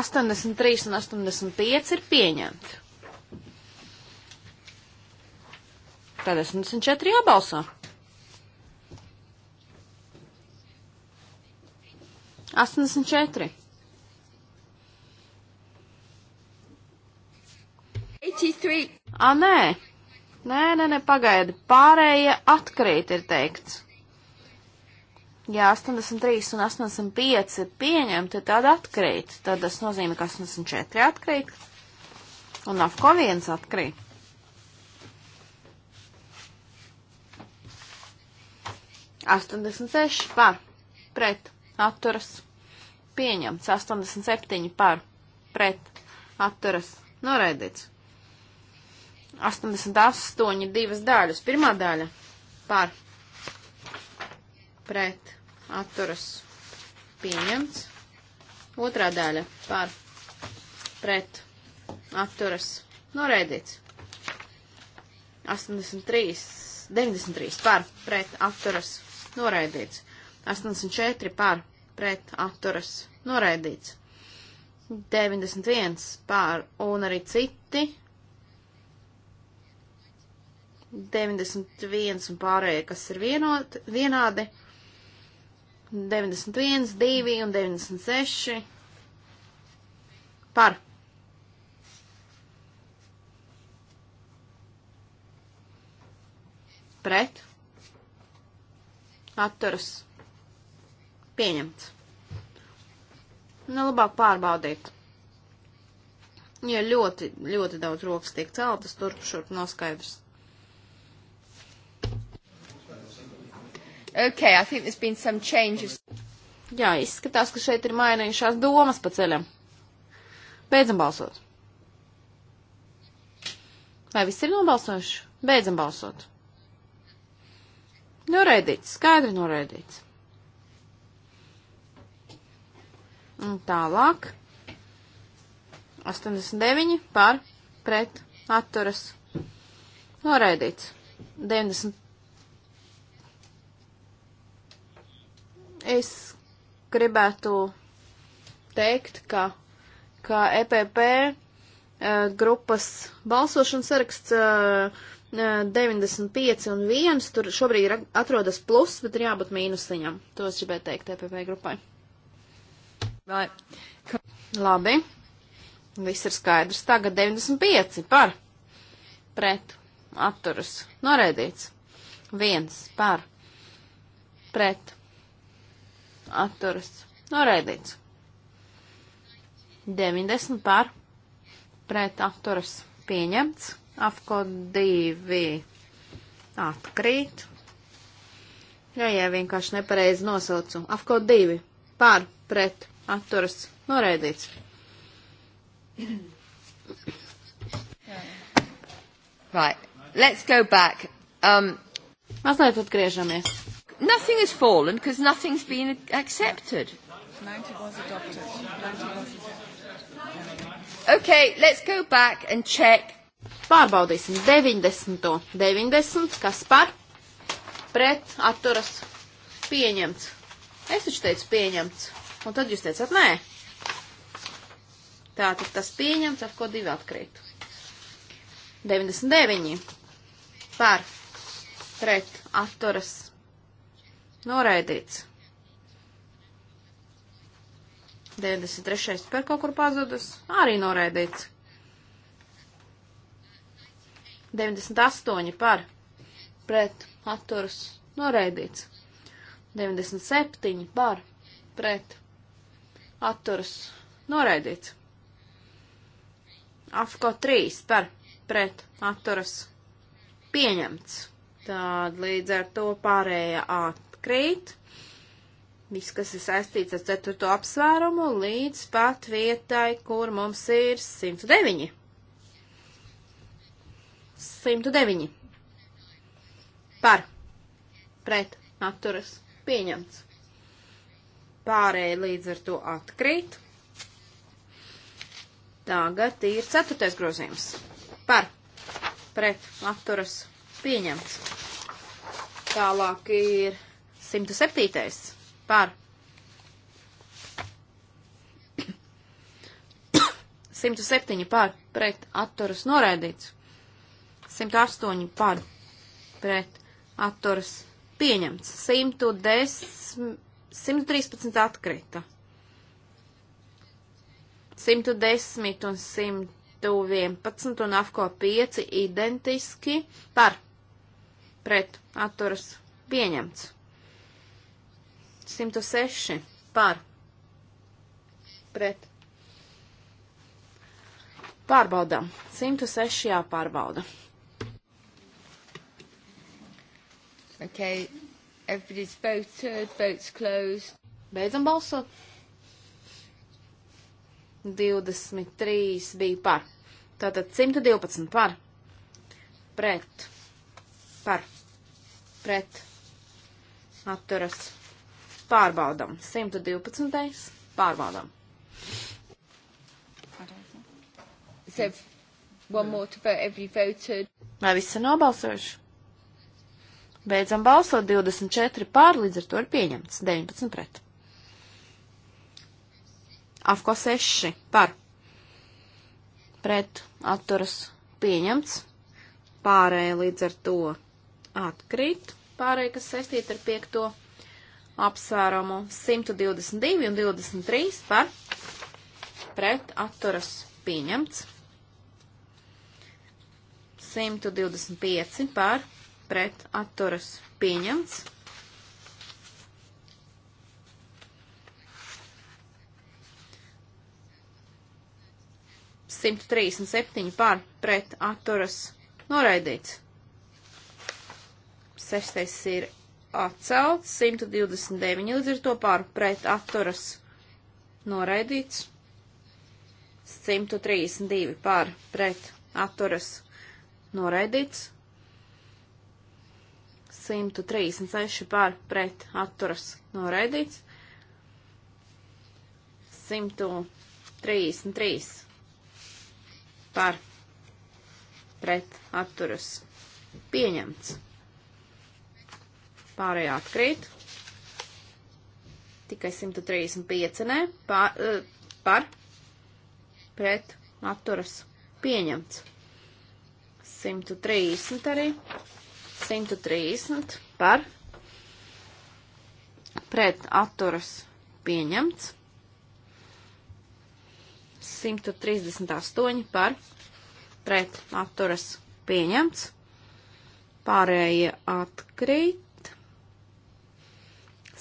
Astoņdesmit trīs un astoņdesmit pieci ir pieņemti. Tad esmu četri jābalsā. 84. 83. A, nē. Nē, nē, nē, pagaidi. Pārējie atkrīt, ir teikts. Ja 83 un 85 ir pieņemti, tad atkrīt. Tad tas nozīmē, ka 84 atkrīt. Un afko viens atkrīt. Astoņdesmit seši par pret atturas pieņemts. 87 par pret atturas noraidīts. 88 divas daļas. Pirmā daļa par pret atturas pieņemts. Otrā daļa par pret atturas noraidīts. 83, 93 par pret atturas noraidīts. 84 par pret atturas noraidīts. 91 par un arī citi. 91 un pārējie, kas ir vienot, vienādi. 91, 2 un 96 par. Pret. Atturas Pieņemts. Nu, labāk pārbaudīt. Ja ļoti, ļoti daudz rokas tiek celtas, turp šurp nav skaidrs. Okay, I think there's been some changes. Jā, izskatās, ka šeit ir mainījušās domas pa ceļam. Beidzam balsot. Vai viss ir nobalsojuši? Beidzam balsot. Noraidīts, skaidri noraidīts. Un tālāk. 89 par pret atturas. Noraidīts. 90. Es gribētu teikt, ka, ka EPP uh, eh, grupas balsošanas saraksts uh, eh, 95 eh, un 1, tur šobrīd atrodas plus, bet ir jābūt mīnusiņam. To es gribēju teikt EPP grupai. Vai. Labi. Viss ir skaidrs. Tagad 95 par. Pret. Atturas. Noreidīts. 1 par. Pret. Atturas. Noreidīts. 90 par. Pret. Atturas. Pieņemts. Afko 2. Atkrīt. Jā, jā, vienkārši nepareizi nosaucu. Afko 2. Par. Pret atturas noraidīts. Right. Let's go back. Um, Mazliet atgriežamies. Nothing has fallen because nothing's been accepted. 90 was adopted. 90 was adopted. Okay, let's go back and check. Pārbaudīsim 90. 90, kas par pret atturas pieņemts. Es taču teicu pieņemts. Un tad jūs teicat, nē. Tā tad tas pieņemts, ar ko divi atkrīt. 99 par pret atturas noraidīts. 93. par kaut kur pazudus, arī noraidīts. 98 par pret atturas noraidīts. 97 par pret atturas noraidīts. Afko 3 par pret atturas pieņemts. Tad līdz ar to pārējā atkrīt. Viss, kas ir saistīts ar 4. apsvērumu, līdz pat vietai, kur mums ir 109. 109. Par. Pret. Atturas. Pieņemts pārējie līdz ar to atkrīt. Tagad ir ceturtais grozījums. Par, pret, atturas, pieņemts. Tālāk ir 107. Par. 107 [coughs] par, pret, atturas, noraidīts. 108 par, pret, atturas, pieņemts. 110 113 atkrita. 110 un 111 un afko 5 identiski par pret atturas pieņemts. 106 par pret. Pārbaudām. 106 jāpārbauda. Okay. Everybody's voted. Votes closed. Beidzam balsot. 23 bija par. Tātad 112 par. Pret. Par. Pret. Atturas. Pārbaudam. 112. Pārbaudam. One more to vote, every voted. Vai visi nobalsojuši? Beidzam balsot 24 pār, līdz ar to ir pieņemts 19 pret. Afko 6 par. Pret atturas pieņemts. Pārējie līdz ar to atkrīt. Pārējie, kas saistīti ar 5. apsvērumu 122 un 23 par. Pret atturas pieņemts. 125 par pret atturas pieņemts. Simt trīsdesmit septiņi par pret atturas noraidīts. Sestais ir atcelts, 129 līdz ar to par pret atturas noraidīts. 132 par pret atturas noraidīts. 136 par pret atturas noraidīts. 133 par pret atturas pieņemts. Pārējā atkrīt. Tikai 135 nē, par, par pret atturas pieņemts. 130 arī 130 par pret atturas pieņemts. 138 par pret atturas pieņemts. Pārējie atkrīt.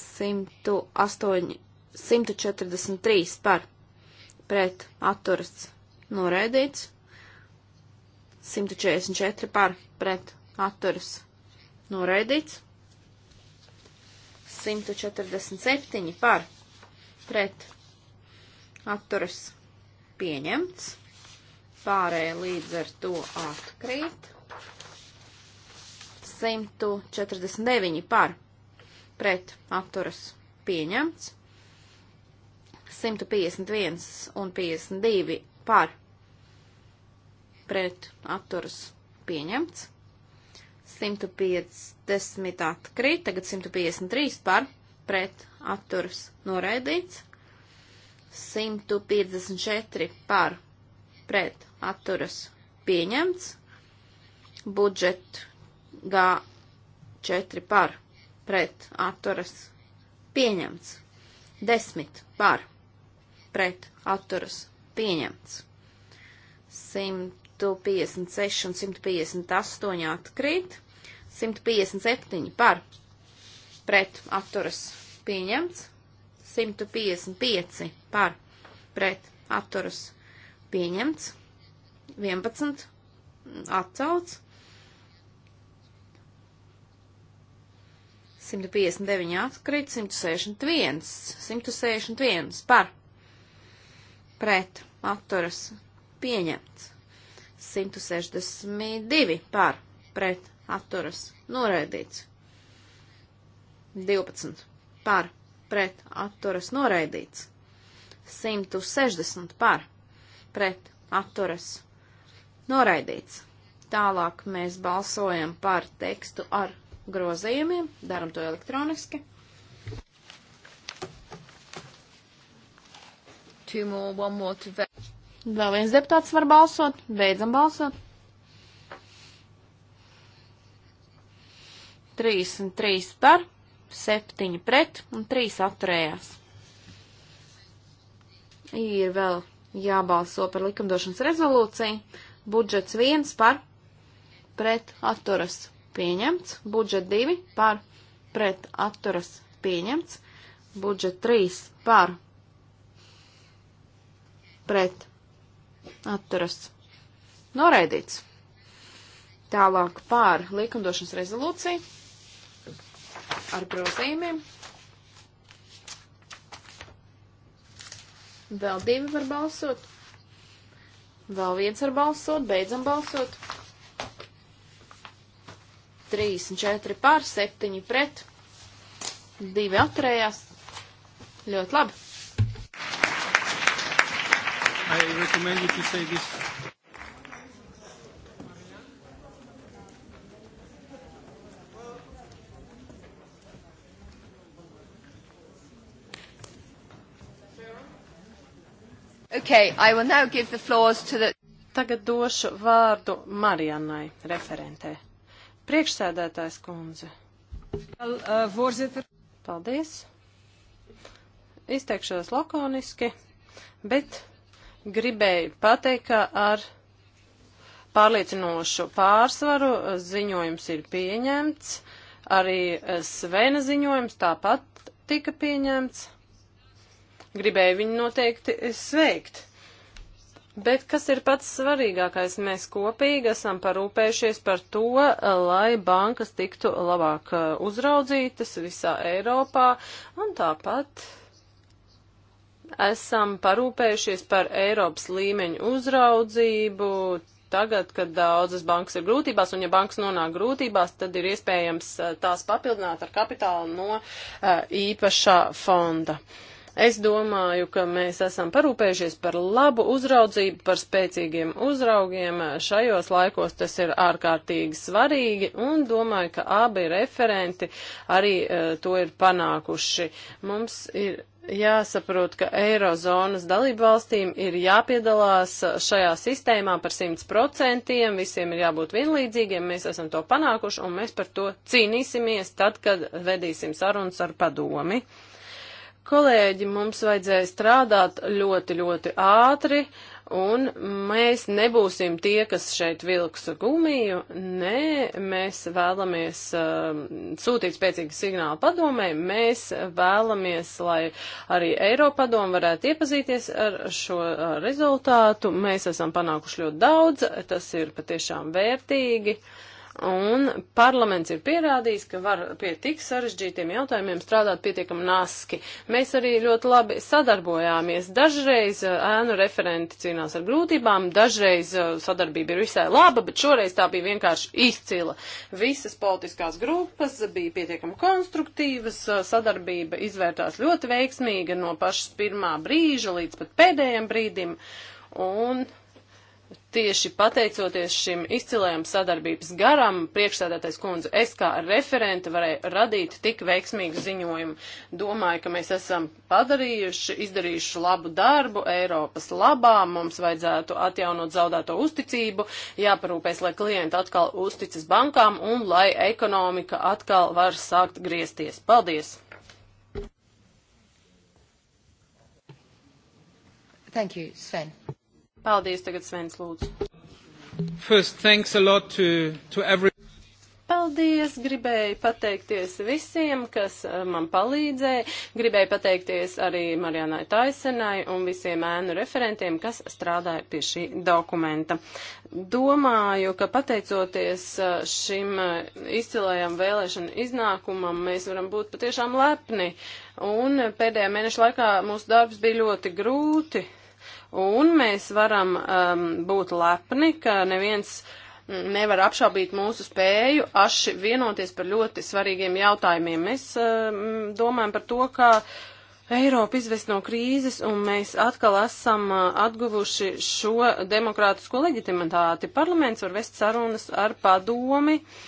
108, 143 par pret atturas noraidīts. 144 par pret atturas noraidīts. 147 par pret atturas pieņemts. Pārējie līdz ar to atkrīt. 149 par pret atturas pieņemts. 151 un 52 par pret atturas pieņemts. 150 atkrīt, tagad 153 par pret atturas noraidīts, 154 par pret atturas pieņemts, budžet G4 par pret atturas pieņemts, 10 par pret atturas pieņemts, 156 un 158 atkrīt, 157 par pret atturas pieņemts, 155 par pret atturas pieņemts, 11 atcelts, 159 atkrīt, 161, 161 par pret atturas pieņemts, 162 par pret atturas noraidīts. 12 par pret atturas noraidīts. 160 par pret atturas noraidīts. Tālāk mēs balsojam par tekstu ar grozījumiem, daram to elektroniski. Two more, one more to vote. Vēl viens deputāts var balsot, beidzam balsot. 33 par, 7 pret un 3 atturējās. Ir vēl jābalso par likumdošanas rezolūciju. Budžets 1 par, pret atturas pieņemts. Budžets 2 par, pret atturas pieņemts. Budžets 3 par, pret atturas noraidīts. Tālāk pār likumdošanas rezolūciju ar grozījumiem. Vēl divi var balsot. Vēl viens var balsot. Beidzam balsot. 3 un 4 pār 7 pret. Divi atturējās. Ļoti labi. I recommend you to say this Okay, I will now give the floors to the... Tagad došu vārdu Mariannai, referentē. Priekšsēdētājs kundze. Uh, Paldies. Izteikšos lakoniski, bet gribēju pateikt, ka ar pārliecinošu pārsvaru ziņojums ir pieņemts. Arī Svena ziņojums tāpat tika pieņemts gribēju viņu noteikti sveikt. Bet kas ir pats svarīgākais? Mēs kopīgi esam parūpējušies par to, lai bankas tiktu labāk uh, uzraudzītas visā Eiropā, un tāpat esam parūpējušies par Eiropas līmeņu uzraudzību. Tagad, kad daudzas bankas ir grūtībās, un ja bankas nonāk grūtībās, tad ir iespējams uh, tās papildināt ar kapitālu no uh, īpašā fonda. Uh, Es domāju, ka mēs esam parūpējušies par labu uzraudzību, par spēcīgiem uzraugiem. Šajos laikos tas ir ārkārtīgi svarīgi un domāju, ka abi referenti arī uh, to ir panākuši. Mums ir jāsaprot, ka Eirozonas dalību valstīm ir jāpiedalās šajā sistēmā par 100%, visiem ir jābūt vienlīdzīgiem, mēs esam to panākuši un mēs par to cīnīsimies tad, kad vedīsim sarunas ar padomi. Kolēģi, mums vajadzēja strādāt ļoti, ļoti ātri, un mēs nebūsim tie, kas šeit vilks gumiju. Nē, mēs vēlamies uh, sūtīt spēcīgu signālu padomē, mēs vēlamies, lai arī Eiropadoma varētu iepazīties ar šo uh, rezultātu. Mēs esam panākuši ļoti daudz, tas ir patiešām vērtīgi. Uh, Un parlaments ir pierādījis, ka var pie tik sarežģītiem jautājumiem strādāt pietiekami naski. Mēs arī ļoti labi sadarbojāmies. Dažreiz eh, ēnu referenti cīnās ar grūtībām, dažreiz eh, sadarbība ir visai laba, bet šoreiz tā bija vienkārši izcila. Visas politiskās grupas bija pietiekami konstruktīvas, eh, sadarbība izvērtās ļoti veiksmīga no pašas pirmā brīža līdz pat pēdējiem brīdim. Un tieši pateicoties šim izcilējam sadarbības garam, priekšstādātais kundze, es kā referente varēju radīt tik veiksmīgu ziņojumu. Domāju, ka mēs esam padarījuši, izdarījuši labu darbu Eiropas labā, mums vajadzētu atjaunot zaudēto uzticību, jāparūpēs, lai klienti atkal uzticas bankām un lai ekonomika atkal var sākt griezties. Paldies! Thank you, Sven. Paldies tagad, Svens, lūdzu. First, thanks a lot to, to every... Paldies! Gribēju pateikties visiem, kas uh, man palīdzēja. Gribēju pateikties arī Marianai Taisenai un visiem ēnu referentiem, kas strādāja pie šī dokumenta. Domāju, ka pateicoties uh, šim uh, izcilajam vēlēšanu iznākumam, mēs varam būt patiešām lepni. Un pēdējā mēneša laikā mūsu darbs bija ļoti grūti Un mēs varam um, būt lepni, ka neviens nevar apšaubīt mūsu spēju aši vienoties par ļoti svarīgiem jautājumiem. Mēs um, domājam par to, kā. Uh, Eiropa izvest no krīzes, un mēs atkal esam uh, atguvuši šo demokrātisko leģitimitāti. Parlaments var vest sarunas ar padomi. Uh,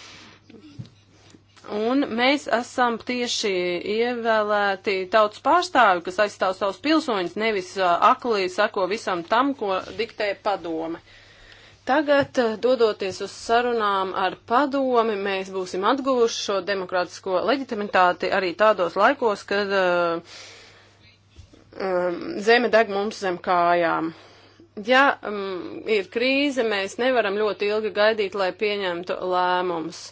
Un mēs esam tieši ievēlēti tautas pārstāvi, kas aizstāv savus pilsoņus, nevis aklī sako visam tam, ko diktē padome. Tagad, dodoties uz sarunām ar padomi, mēs būsim atguvuši šo demokrātisko leģitimitāti arī tādos laikos, kad uh, um, zeme deg mums zem kājām ja um, ir krīze, mēs nevaram ļoti ilgi gaidīt, lai pieņemtu lēmumus.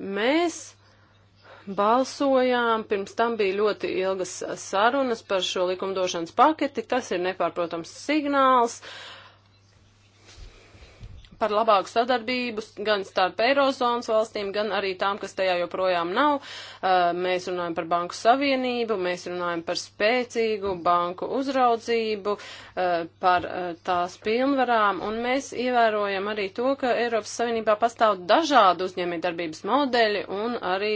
Mēs balsojām, pirms tam bija ļoti ilgas sarunas par šo likumdošanas paketi, tas ir nepārprotams signāls. Uh, par labāku sadarbību gan starp Eirozonas valstīm, gan arī tām, kas tajā joprojām nav. Uh, mēs runājam par banku savienību, mēs runājam par spēcīgu banku uzraudzību, uh, par uh, tās pilnvarām, un mēs ievērojam arī to, ka Eiropas Savienībā pastāv dažādi uzņēmējdarbības modeļi, un arī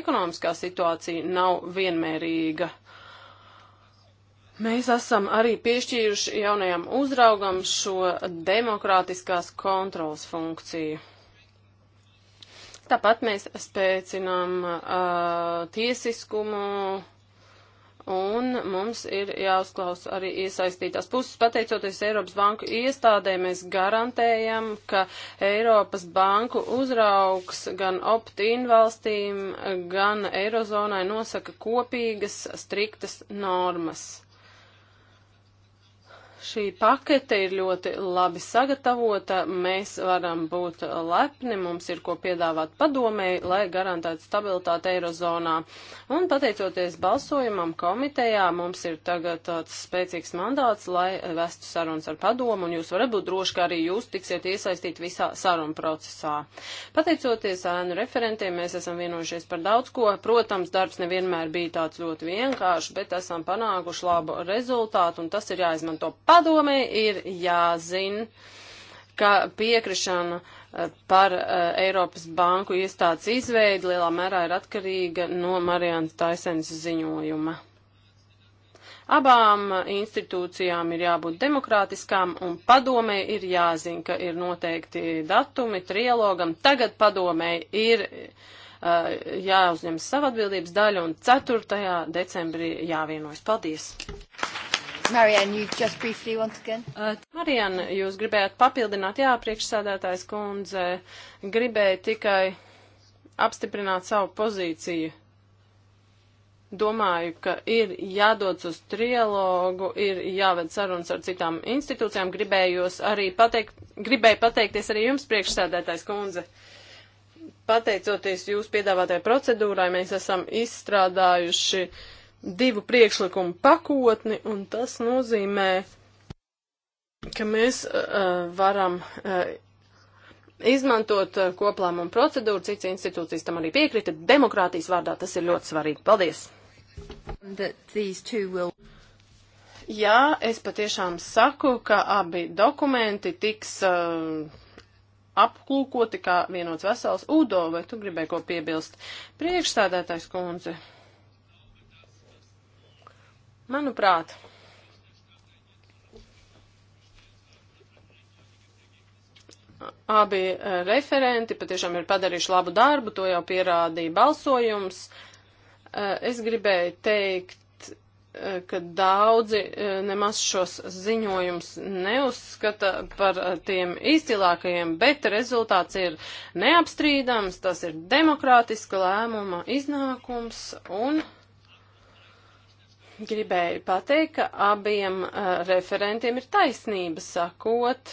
ekonomiskā situācija nav vienmērīga. Mēs esam arī piešķīruši jaunajam uzraugam šo demokrātiskās kontrolas funkciju. Tāpat mēs spēcinām uh, tiesiskumu un mums ir jāuzklausa arī iesaistītās puses. Pateicoties Eiropas banku iestādē, mēs garantējam, ka Eiropas banku uzraugs gan opt-in valstīm, gan Eirozonai nosaka kopīgas, striktas normas šī pakete ir ļoti labi sagatavota. Mēs varam būt lepni, mums ir ko piedāvāt padomēji, lai garantētu stabilitāti Eirozonā. Un pateicoties balsojumam komitejā, mums ir tagad tāds spēcīgs mandāts, lai vestu sarunas ar padomu, un jūs varat būt droši, ka arī jūs tiksiet iesaistīti visā sarunu procesā. Pateicoties ēnu referentiem, mēs esam vienojušies par daudz ko. Protams, darbs nevienmēr bija tāds ļoti vienkāršs, bet esam panākuši labu rezultātu, un tas ir jāizmanto Padomē ir jāzina, ka piekrišana eh, par eh, Eiropas banku iestādes izveidi lielā mērā ir atkarīga no Marianas Taisens ziņojuma. Abām eh, institūcijām ir jābūt demokrātiskām un padomē ir jāzina, ka ir noteikti datumi trialogam. Tagad padomē ir uh, jāuzņem sava atbildības daļa un 4. decembrī jāvienojas. Paldies! Marianne, you just briefly once again. Uh, Marianne, jūs gribējāt papildināt, jā, priekšsādātājs kundze, gribēja tikai apstiprināt savu pozīciju. Domāju, ka ir jādodas uz trialogu, ir jāved sarunas ar citām institūcijām. Gribējos arī pateikt, gribēju pateikties arī jums, priekšsādātājs kundze. Pateicoties jūs piedāvātajai procedūrai, mēs esam izstrādājuši uh, divu priekšlikumu pakotni, un tas nozīmē, ka mēs uh, uh, varam uh, izmantot uh, koplēmumu procedūru, cits institūcijas tam arī piekrita, demokrātijas vārdā tas ir ļoti svarīgi. Paldies! Will... Jā, es patiešām saku, ka abi dokumenti tiks uh, aplūkoti kā vienots vesels. Udo, vai tu gribēji ko piebilst? Priekšstādētājs kundze. Manuprāt, abi eh, referenti patiešām ir padarījuši labu darbu, to jau pierādīja balsojums. Eh, es gribēju teikt, eh, ka daudzi nemaz šos ziņojums neuzskata par tiem izcilākajiem, bet rezultāts ir neapstrīdams, tas ir demokrātiska lēmuma iznākums un gribēju pateikt, ka abiem uh, referentiem ir taisnība sakot,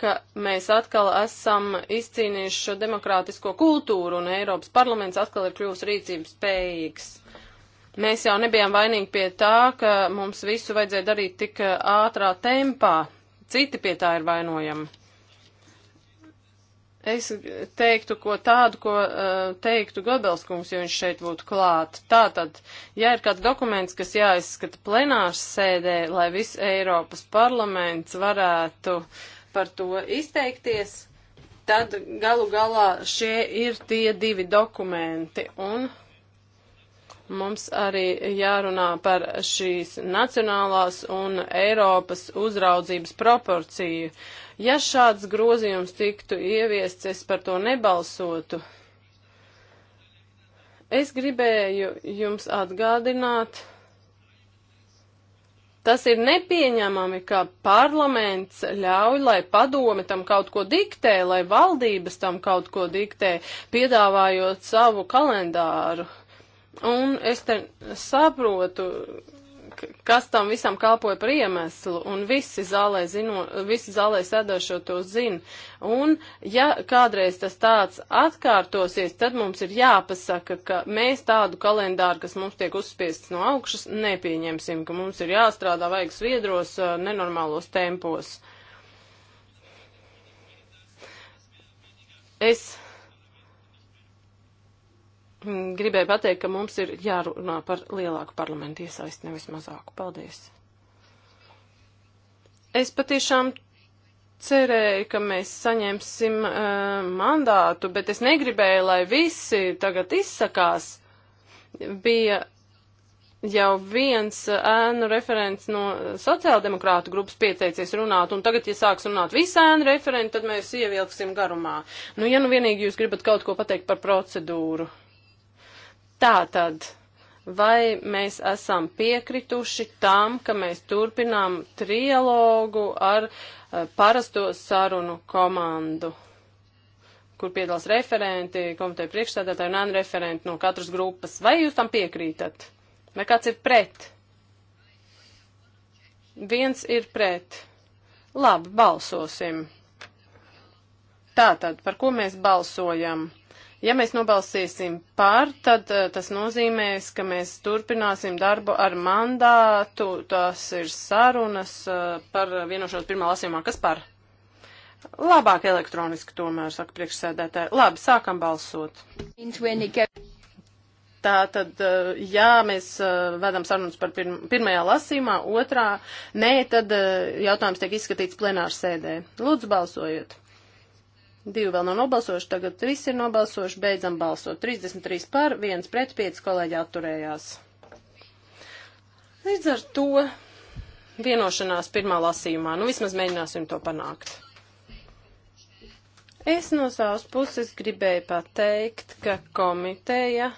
ka mēs atkal esam izcīnījuši šo demokrātisko kultūru un Eiropas parlaments atkal ir kļūst rīcības spējīgs. Mēs jau nebijām vainīgi pie tā, ka mums visu vajadzēja darīt tik eh, ātrā tempā. Citi pie tā ir vainojami. Es teiktu, ko tādu, ko uh, teiktu Gabelskungs, ja viņš šeit būtu klāt. Tātad, ja ir kāds dokuments, kas jāizskata plenārs sēdē, lai viss Eiropas parlaments varētu par to izteikties, tad galu galā šie ir tie divi dokumenti. Un Mums arī jārunā par šīs nacionālās un Eiropas uzraudzības proporciju. Ja šāds grozījums tiktu ieviests, es par to nebalsotu. Es gribēju jums atgādināt, Tas ir nepieņemami, ka parlaments ļauj, lai padome tam kaut ko diktē, lai valdības tam kaut ko diktē, piedāvājot savu kalendāru. Un es te saprotu, kas tam visam kalpoja par iemeslu, un visi zālē, zino, visi zālē sēdošo to zina. Un, ja kādreiz tas tāds atkārtosies, tad mums ir jāpasaka, ka mēs tādu kalendāru, kas mums tiek uzspiests no augšas, nepieņemsim, ka mums ir jāstrādā vajag sviedros nenormālos tempos. Es gribēju pateikt, ka mums ir jārunā par lielāku parlamentu iesaisti, nevis mazāku. Paldies! Es patiešām cerēju, ka mēs saņemsim uh, mandātu, bet es negribēju, lai visi tagad izsakās. Bija jau viens eh, ēnu referents no sociāldemokrātu grupas pieteicies runāt, un tagad, ja sāks runāt visi ēnu referenti, tad mēs ievilksim garumā. Nu, ja nu vienīgi jūs gribat kaut ko pateikt par procedūru. Tātad, vai mēs esam piekrituši tam, ka mēs turpinām trialogu ar eh, parasto sarunu komandu, kur piedalās referenti, komiteja priekšstādātāji un referenti no katras grupas? Vai jūs tam piekrītat? Vai kāds ir pret? Viens ir pret. Labi, balsosim. Tātad, par ko mēs balsojam? Ja mēs nobalsīsim par, tad eh, tas nozīmēs, ka mēs turpināsim darbu ar mandātu, tas ir sarunas eh, par vienošanos pirmā lasījumā, kas par. Labāk elektroniski tomēr, saka priekšsēdētāji. Labi, sākam balsot. Tā tad, eh, jā, mēs vedam sarunas par pirm, pirmajā lasīmā, otrā, nē, tad jautājums tiek izskatīts plenāru sēdē. Lūdzu, balsojiet. Divi vēl nav nobalsojuši, tagad visi ir nobalsojuši, beidzam balsot. 33 par, 1 pret 5 kolēģi atturējās. Līdz ar to vienošanās pirmā lasījumā, nu vismaz mēģināsim to panākt. Es no savas puses gribēju pateikt, ka komiteja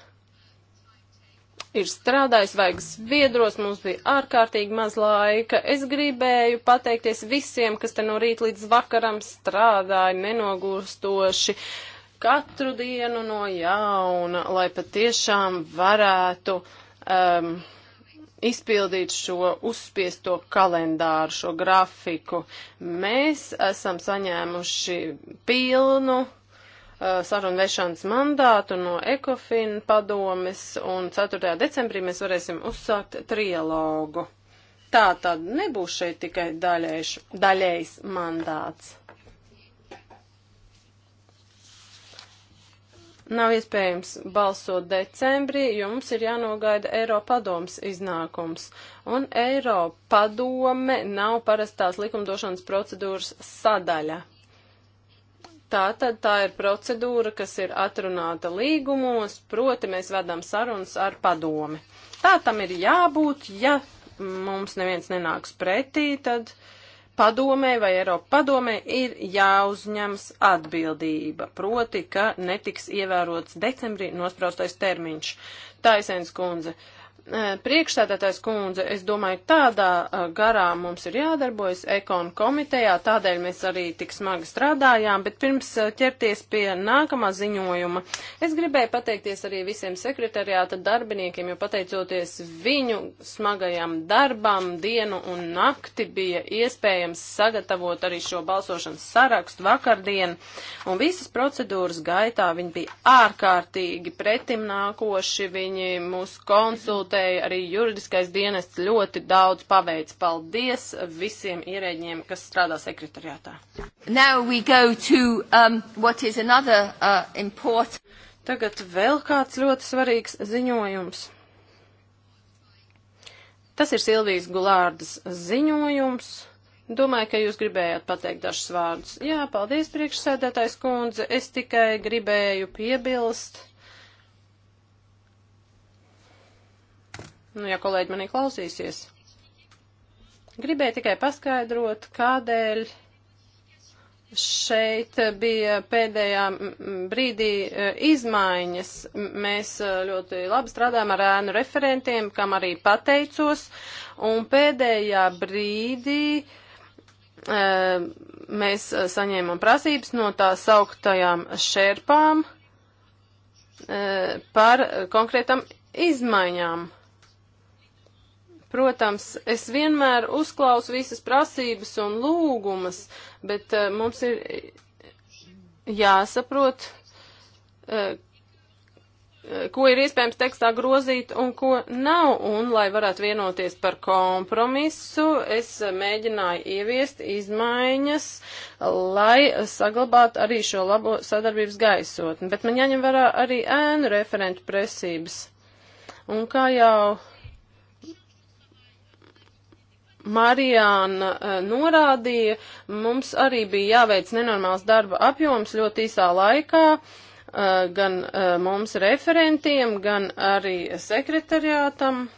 ir strādājis vaigas viedros, mums bija ārkārtīgi maz laika. Es gribēju pateikties visiem, kas te no rīta līdz vakaram strādāja nenogurstoši katru dienu no jauna, lai patiešām varētu. Um, izpildīt šo uzspiesto kalendāru, šo grafiku. Mēs esam saņēmuši pilnu Uh, sarunvešanas mandātu no ECOFIN padomes, un 4. decembrī mēs varēsim uzsākt trialogu. Tā tad nebūs šeit tikai daļējs, daļējs mandāts. Nav iespējams balsot decembrī, jo mums ir jānogaida Eiropadomas iznākums. Un Eiropadome nav parastās likumdošanas procedūras sadaļa. Tātad tā ir procedūra, kas ir atrunāta līgumos, proti mēs vedam sarunas ar padomi. Tā tam ir jābūt, ja mums neviens nenāks pretī, tad padomē vai Eiropa padomē ir jāuzņems atbildība, proti, ka netiks ievērots decembrī nospraustais termiņš. Taisens kundze. Uh, Priekšstādātais kundze, es domāju, tādā garā mums ir jādarbojas ekonu komitejā, tādēļ mēs arī tik smagi strādājām, bet pirms ķerties pie nākamā ziņojuma, es gribēju pateikties arī visiem sekretariāta darbiniekiem, jo pateicoties viņu smagajam darbam, dienu un nakti bija iespējams sagatavot arī šo balsošanas sarakstu vakardien, un visas procedūras gaitā viņi bija ārkārtīgi pretimnākoši, viņi mūs konsultēja, komiteja, arī juridiskais dienests ļoti daudz paveic. Paldies visiem ierēģiem, kas strādā sekretariātā. To, um, another, uh, important... Tagad vēl kāds ļoti svarīgs ziņojums. Tas ir Silvijas Gulārdas ziņojums. Domāju, ka jūs gribējāt pateikt dažus vārdus. Jā, paldies, priekšsēdētājs kundze. Es tikai gribēju piebilst Nu, ja kolēģi manī klausīsies. Gribēju tikai paskaidrot, kādēļ šeit bija pēdējā brīdī e, izmaiņas. Mēs e, ļoti labi strādājam ar ēnu referentiem, kam arī pateicos, un pēdējā brīdī e, mēs saņēmām prasības no tā sauktajām šerpām par konkrētam izmaiņām. Protams, es vienmēr uzklausu visas prasības un lūgumas, bet uh, mums ir jāsaprot, uh, ko ir iespējams tekstā grozīt un ko nav, un lai varētu vienoties par kompromisu, es mēģināju ieviest izmaiņas, lai saglabātu arī šo labo sadarbības gaisotni, bet man jāņem vērā arī ēnu referentu presības. Un kā jau Marijāna uh, norādīja, mums arī bija jāveic nenormāls darba apjoms ļoti īsā laikā, uh, gan uh, mums referentiem, gan arī sekretariātam.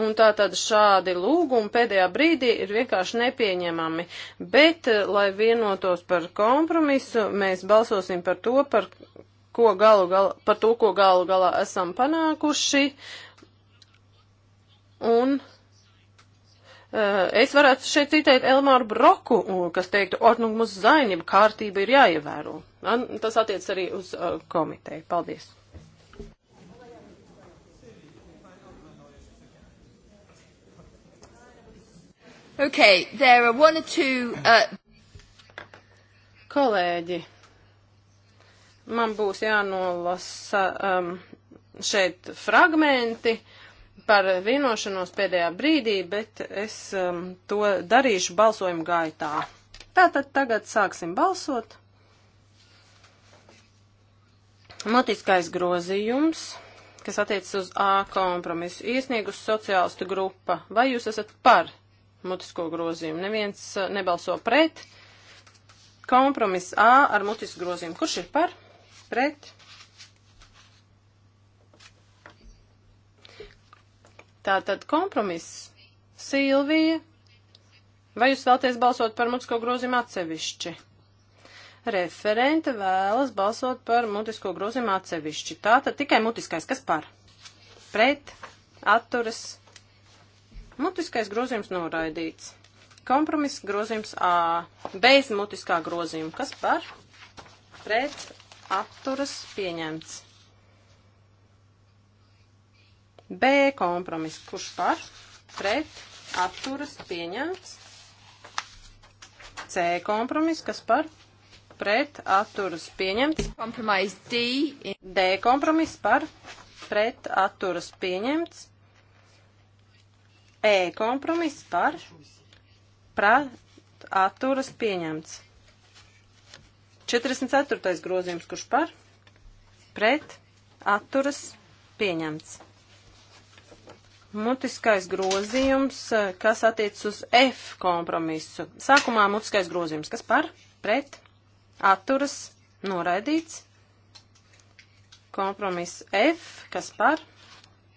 Un tā tad šādi lūgumi pēdējā brīdī ir vienkārši nepieņemami. Bet, lai vienotos par kompromisu, mēs balsosim par to, par, ko galu, gal, par to, ko galu galā esam panākuši. Un Eh, es varētu šeit citēt Elmāru Broku, kas teiktu, ordnung mums zainība kārtība ir jāievēro. Tas attiec arī uz eh, komiteju. Paldies! Okay, there are one or two... Uh... Kolēģi, man būs jānolasa um, šeit fragmenti. Uh, par vienošanos pēdējā brīdī, bet es um, to darīšu balsojumu gaitā. Tātad tagad sāksim balsot. Motiskais grozījums, kas attiecas uz A kompromisu, iesniegus sociālistu grupa. Vai jūs esat par mutisko grozījumu? Neviens uh, nebalso pret. Kompromiss A ar mutisku grozījumu. Kurš ir par? Pret Tātad kompromiss. Silvija, vai jūs vēlties balsot par mutisko grozījumu atsevišķi? Referente vēlas balsot par mutisko grozījumu atsevišķi. Tātad tikai mutiskais, kas par? Pret, atturas. Mutiskais grozījums noraidīts. Kompromiss grozījums A. Bez mutiskā grozījuma. Kas par? Pret, atturas pieņemts. B kompromiss, kurš par, pret, atturas, pieņemts. C kompromiss, kas par, pret, atturas, pieņemts. Kompromiss D. D kompromiss par, pret, atturas, pieņemts. E kompromiss par, pret, atturas, pieņemts. 44. grozījums, kurš par, pret, atturas, pieņemts. Mutiskais grozījums, eh, kas attiec uz F kompromisu. Sākumā mutiskais grozījums, kas par, pret, atturas, noraidīts. Kompromiss F, kas par,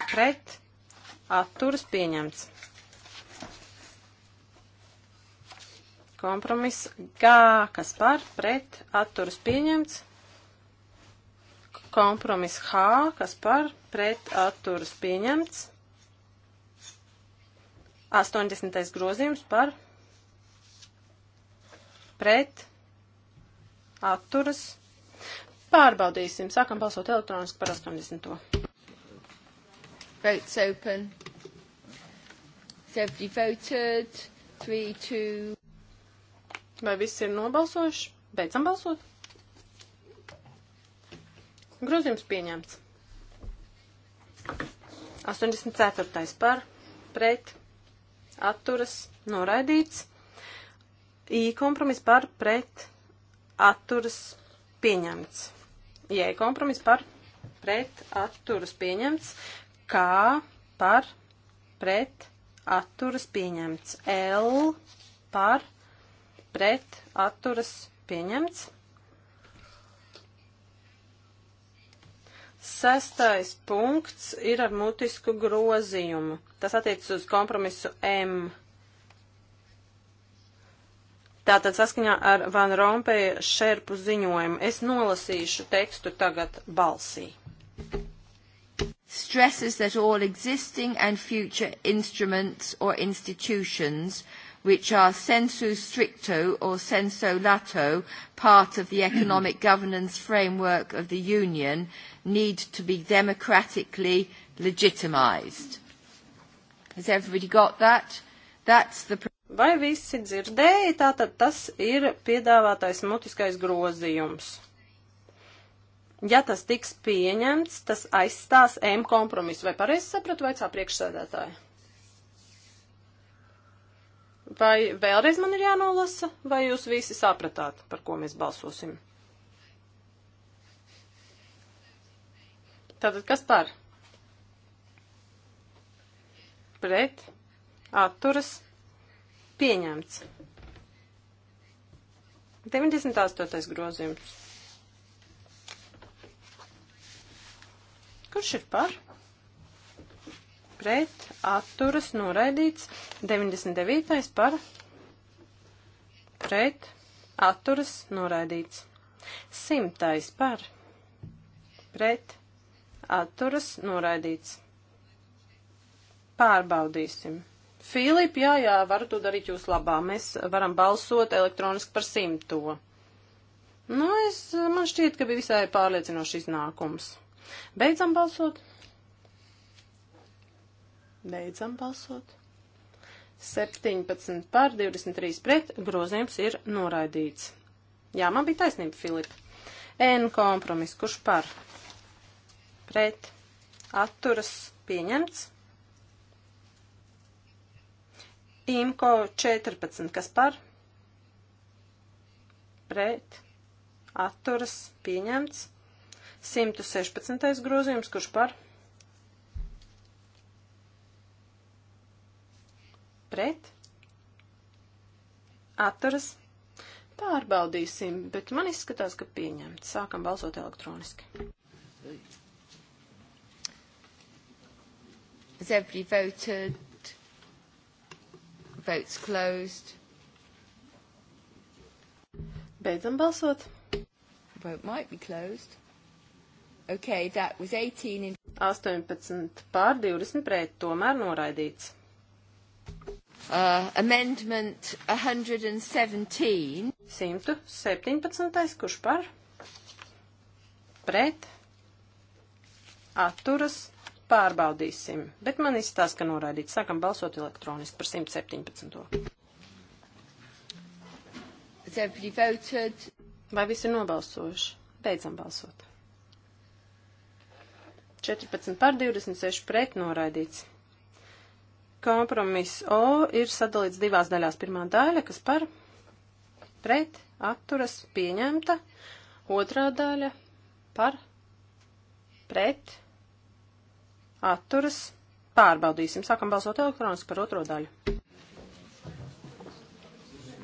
pret, atturas, pieņemts. Kompromiss G, kas par, pret, atturas, pieņemts. Kompromiss H, kas par, pret, atturas, pieņemts 80. grozījums par pret atturas. Pārbaudīsim. Sākam balsot elektroniski par 80. Votes open. 70 voted. 3, 2. Vai viss ir nobalsojuši? Beidzam balsot. Grozījums pieņemts. 84. par pret atturas noraidīts. I kompromis par pret atturas pieņemts. J kompromis par pret atturas pieņemts. K par pret atturas pieņemts. L par pret atturas pieņemts. Sestais punkts ir ar mutisku grozījumu. Tas attiecas uz kompromisu M. Tātad saskaņā ar Van Rompēja šerpu ziņojumu. Es nolasīšu tekstu tagad balsī. Stresses that all existing and future instruments or institutions – which are sensu stricto or senso lato, part of the economic [clears throat] governance framework of the Union, need to be democratically legitimised. Has everybody got that? That's the... Vai visi dzirdēja? Tātad tas ir piedāvātais mutiskais grozījums. Ja tas tiks pieņemts, tas aizstās M kompromisu. Vai pareizi sapratu, vai cā priekšsēdētāji? Vai vēlreiz man ir jānolasa, vai jūs visi sapratāt, par ko mēs balsosim? Tātad kas par? Pret, atturas, pieņemts. 98. grozījums. Kurš ir par? pret atturas noraidīts 99. par pret atturas noraidīts 100. par pret atturas noraidīts. Pārbaudīsim. Filip, jā, jā, varu to darīt jūs labā. Mēs varam balsot elektroniski par simto. Nu, es, man šķiet, ka bija visai pārliecinoši iznākums. Beidzam balsot. Beidzam balsot. 17 pār 23 pret grozījums ir noraidīts. Jā, man bija taisnība, Filipa. N kompromis, kurš par? Pret. Atturas pieņemts. Imko 14, kas par? Pret. Atturas pieņemts. 116. grozījums, kurš par? Pret pret, atturas, pārbaudīsim, bet man izskatās, ka pieņemts. Sākam balsot elektroniski. Has everybody voted? Votes closed. Beidzam balsot. Vote might be closed. Okay, that was 18 in... 18 pār 20 pret, tomēr noraidīts. Uh, amendment 117. 117. Kurš par? Pret? Atturas? Pārbaudīsim. Bet man izstāsta, ka noraidīts. Sākam balsot elektroniski par 117. Vai visi ir nobalsojuši? Beidzam balsot. 14 par 26 pret noraidīts. Kompromiss O ir sadalīts divās daļās. Pirmā daļa, kas par pret atturas pieņemta, otrā daļa par pret atturas pārbaudīsim. Sākam balsot elektroniski par otro daļu.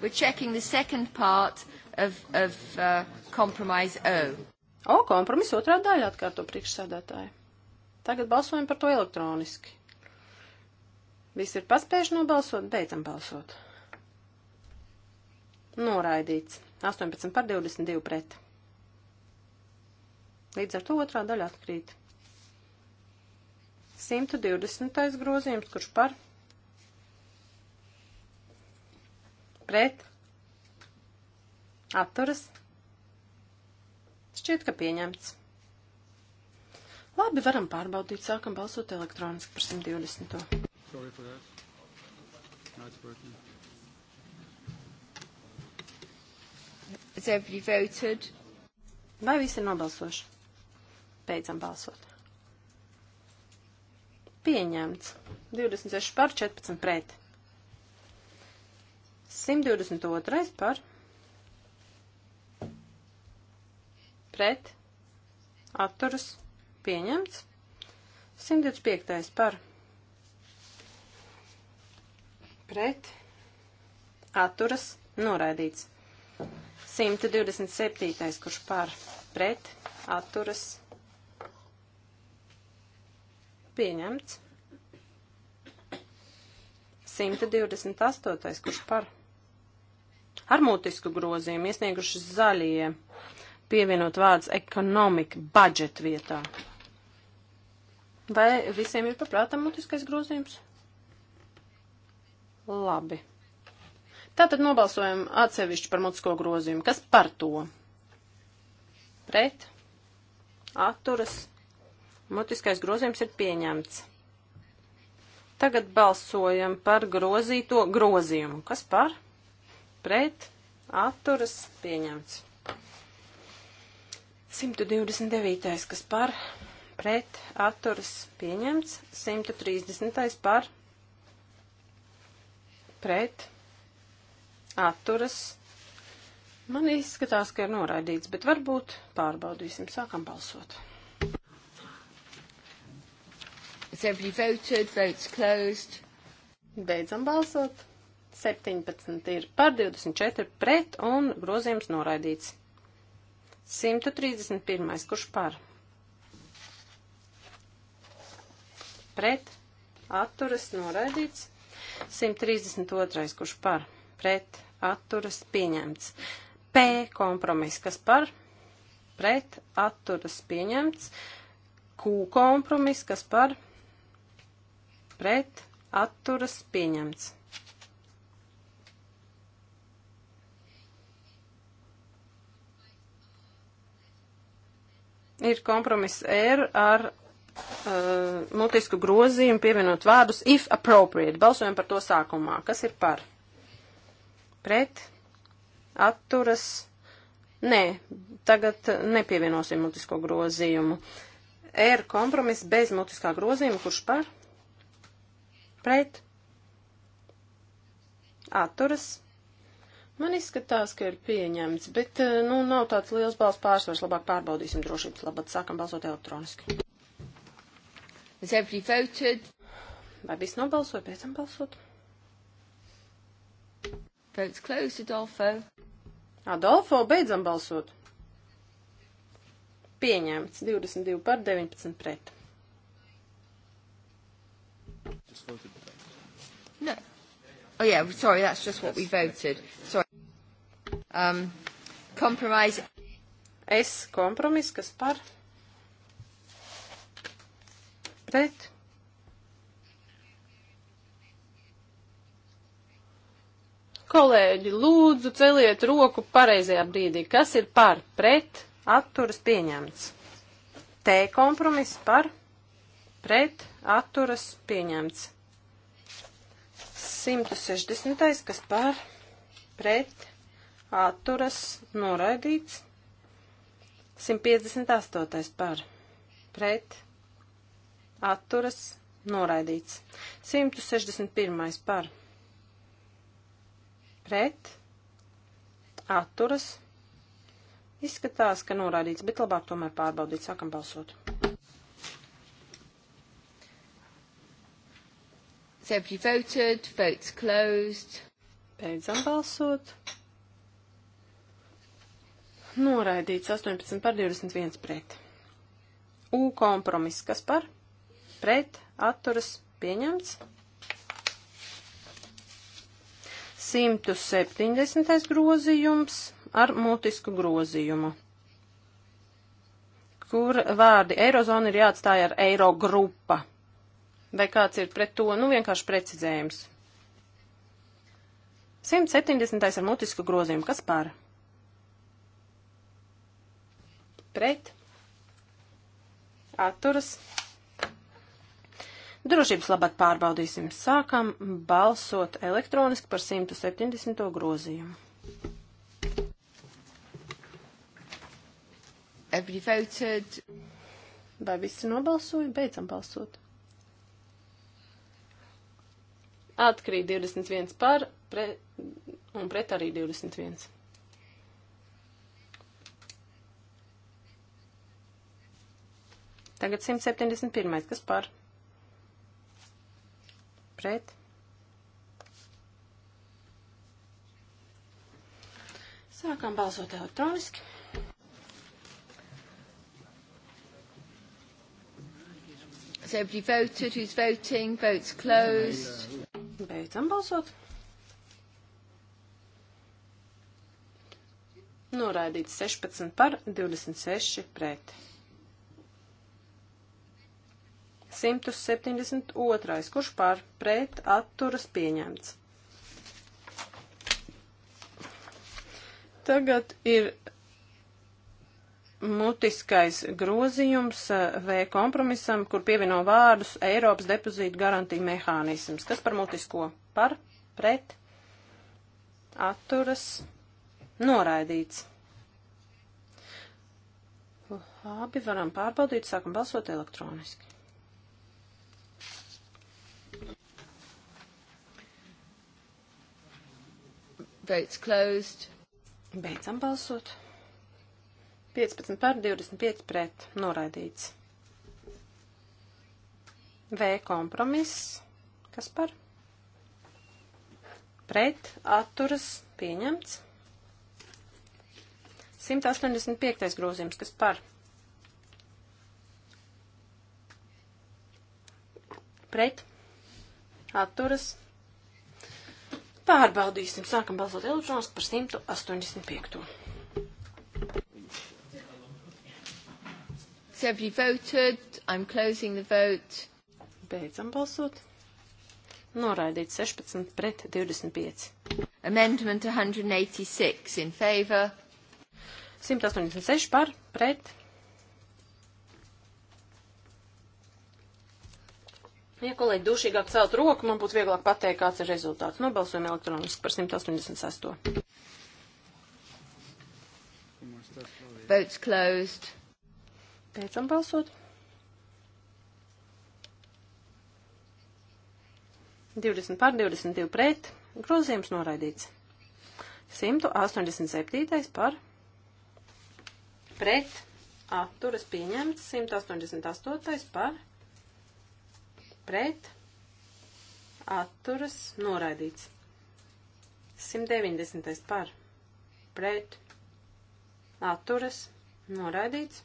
We're checking the second part of, of uh, compromise O. O, kompromiss otrā daļa atkārto priekšsēdētāji. Tagad balsojam par to elektroniski. Visi ir paspējuši nobalsot, beidzam balsot. Noraidīts. 18 par 22 pret. Līdz ar to otrā daļa atkrīt. 120. grozījums, kurš par pret atturas šķiet, ka pieņemts. Labi, varam pārbaudīt, sākam balsot elektroniski par 120. Sorry for that. Now it's working. Has everybody voted? Vai visi ir nobalsojuši? Beidzam balsot. Pieņemts. 26 par, 14 pret. 122 par. Pret. Atturas. Pieņemts. 125 par pret atturas noraidīts. 127. kurš par pret atturas pieņemts. 128. kurš par ar mutisku grozījumu iesnieguši zaļie pievienot vārds ekonomika budžet vietā. Vai visiem ir paprātam mutiskais grozījums? Labi. Tātad nobalsojam atsevišķi par mutisko grozījumu. Kas par to? Pret? Atturas? Mutiskais grozījums ir pieņemts. Tagad balsojam par grozīto grozījumu. Kas par? Pret? Atturas? Pieņemts. 129. kas par? Pret? Atturas? Pieņemts. 130. par? pret, atturas. Man izskatās, ka ir noraidīts, bet varbūt pārbaudīsim. Sākam balsot. Everybody voted, votes closed. Beidzam balsot. 17 ir par 24 pret un grozījums noraidīts. 131. Kurš par? Pret. Atturas noraidīts. 132. kurš par pret atturas pieņemts. P kompromiss, kas par pret atturas pieņemts. Q kompromiss, kas par pret atturas pieņemts. Ir kompromiss R ar uh, mutisku grozījumu pievienot vārdus if appropriate. Balsojam par to sākumā. Kas ir par? Pret? Atturas? Nē, tagad nepievienosim mutisko grozījumu. R kompromiss bez mutiskā grozījuma, kurš par? Pret? Atturas? Man izskatās, ka ir pieņemts, bet, uh, nu, nav tāds liels balss pārsvars. Labāk pārbaudīsim drošības labad. Sākam balsot elektroniski. Has everybody voted? Vai viss nobalsoja, pēc tam balsot? Votes closed, Adolfo. Adolfo, beidzam balsot. Pieņemts 22 par 19 pret. No. Oh yeah, sorry, that's just what we voted. Sorry. Um, compromise. Es kompromis, kas par pret. Kolēģi, lūdzu, celiet roku pareizajā brīdī. Kas ir par, pret, atturas pieņemts? T kompromiss par, pret, atturas pieņemts. 160. kas par, pret, atturas noraidīts. 158. par, pret, atturas, noraidīts. 161. par, pret, atturas, izskatās, ka noraidīts, bet labāk tomēr pārbaudīt, sākam balsot. Have you voted? Votes closed. Beidzam balsot. Noraidīts 18 par 21 pret. U kompromiss, kas par? pret atturas pieņemts. 170. grozījums ar mutisku grozījumu, kur vārdi Eirozona ir jāatstāja ar Eiro grupa. Vai kāds ir pret to? Nu, vienkārši precizējums. 170. ar mutisku grozījumu. Kas pār? Pret. Atturas. Drošības labāk pārbaudīsim. Sākam balsot elektroniski par 170. grozījumu. Every voted. Vai visi nobalsoja? Beidzam balsot. Atkrīt 21 par pre, un pret arī 21. Tagad 171. Kas par? pret. Sākam balsot elektroniski. Has everybody voted? Who's voting? Votes closed. Beidzam balsot. Noraidīts 16 par, 26 pret. 172. Kurš par pret atturas pieņemts? Tagad ir mutiskais grozījums eh, V kompromisam, kur pievieno vārdus Eiropas depozītu garantija mehānisms. Kas par mutisko? Par, pret, atturas, noraidīts. Labi, varam pārbaudīt, sākam balsot elektroniski. Votes closed. Beidzam balsot. 15 par 25 pret. Noraidīts. V kompromiss. Kas par? Pret. Atturas. Pieņemts. 185. grozījums. Kas par? Pret. Atturas. Pieņemts Pārbaudīsim. Sākam balsot elektroniski par 185. So have you voted? I'm closing the vote. Beidzam balsot. Noraidīt 16 pret 25. Amendment 186 in favour. 186 par pret Ja kolēģi dušīgāk celt roku, man būtu vieglāk pateikt, kāds ir rezultāts. Nobalsojam elektroniski par 186. Votes closed. Beidzam balsot. 20 par 22 pret. Grozījums noraidīts. 187 par pret. Atturas pieņemts. 188 par pret pret, atturas, noraidīts. 190. par, pret, atturas, noraidīts.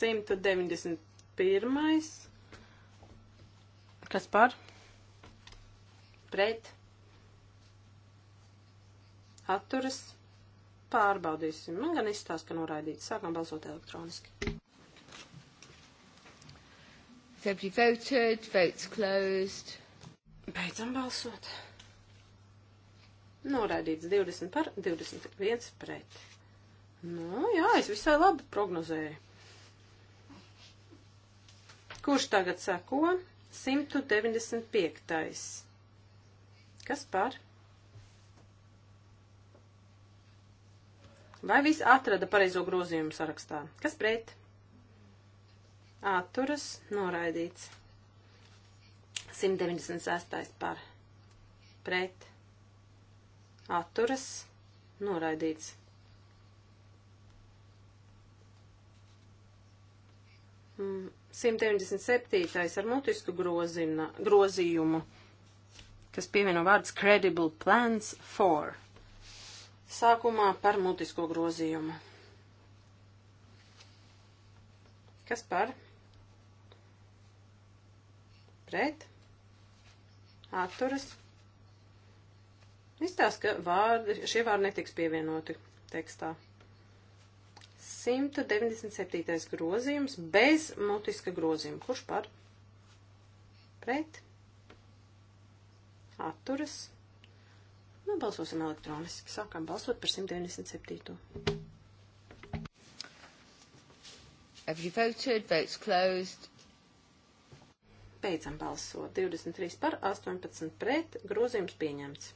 191. kas par, pret, atturas, pārbaudīsim. Man gan izstāsta, ka noraidīts. Sākam balsot elektroniski. Has everybody voted? Votes closed. Beidzam balsot. Noraidīts 20 par, 21 pret. Nu, jā, es visai labi prognozēju. Kurš tagad sako? 195. Kas par? Vai visi atrada pareizo grozījumu sarakstā? Kas pret? atturas noraidīts. 196. par pret atturas noraidīts. Mm. 197. ar mutisku grozina, grozījumu, kas pievieno vārds credible plans for. Sākumā par mutisko grozījumu. Kas par? pret, atturas. Izstāst, ka vārdi, šie vārdi netiks pievienoti tekstā. 197. grozījums bez mutiska grozījuma. Kurš par? Pret. Atturas. Nu, balsosim elektroniski. Sākam balsot par 197. Have you voted? Votes closed. Beidzam balsot. 23 par, 18 pret, grozījums pieņemts.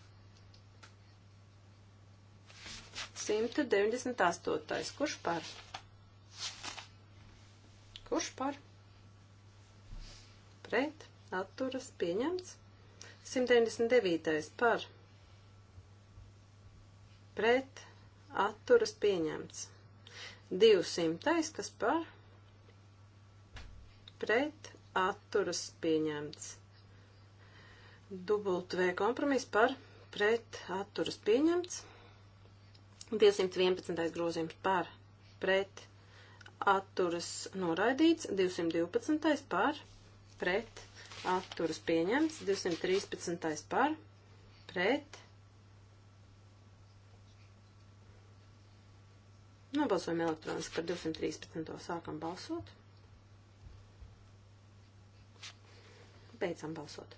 198. Kurš par? Kurš par? Pret, atturas, pieņemts. 199. par. Pret, atturas, pieņemts. 200. kas par? Pret, atturas pieņemts. W kompromiss par pret atturas pieņemts. 211. grozījums par pret atturas noraidīts. 212. par pret atturas pieņemts. 213. par pret. Nobalsojam nu, elektroniski par 213. sākam balsot. Beidzam balsot.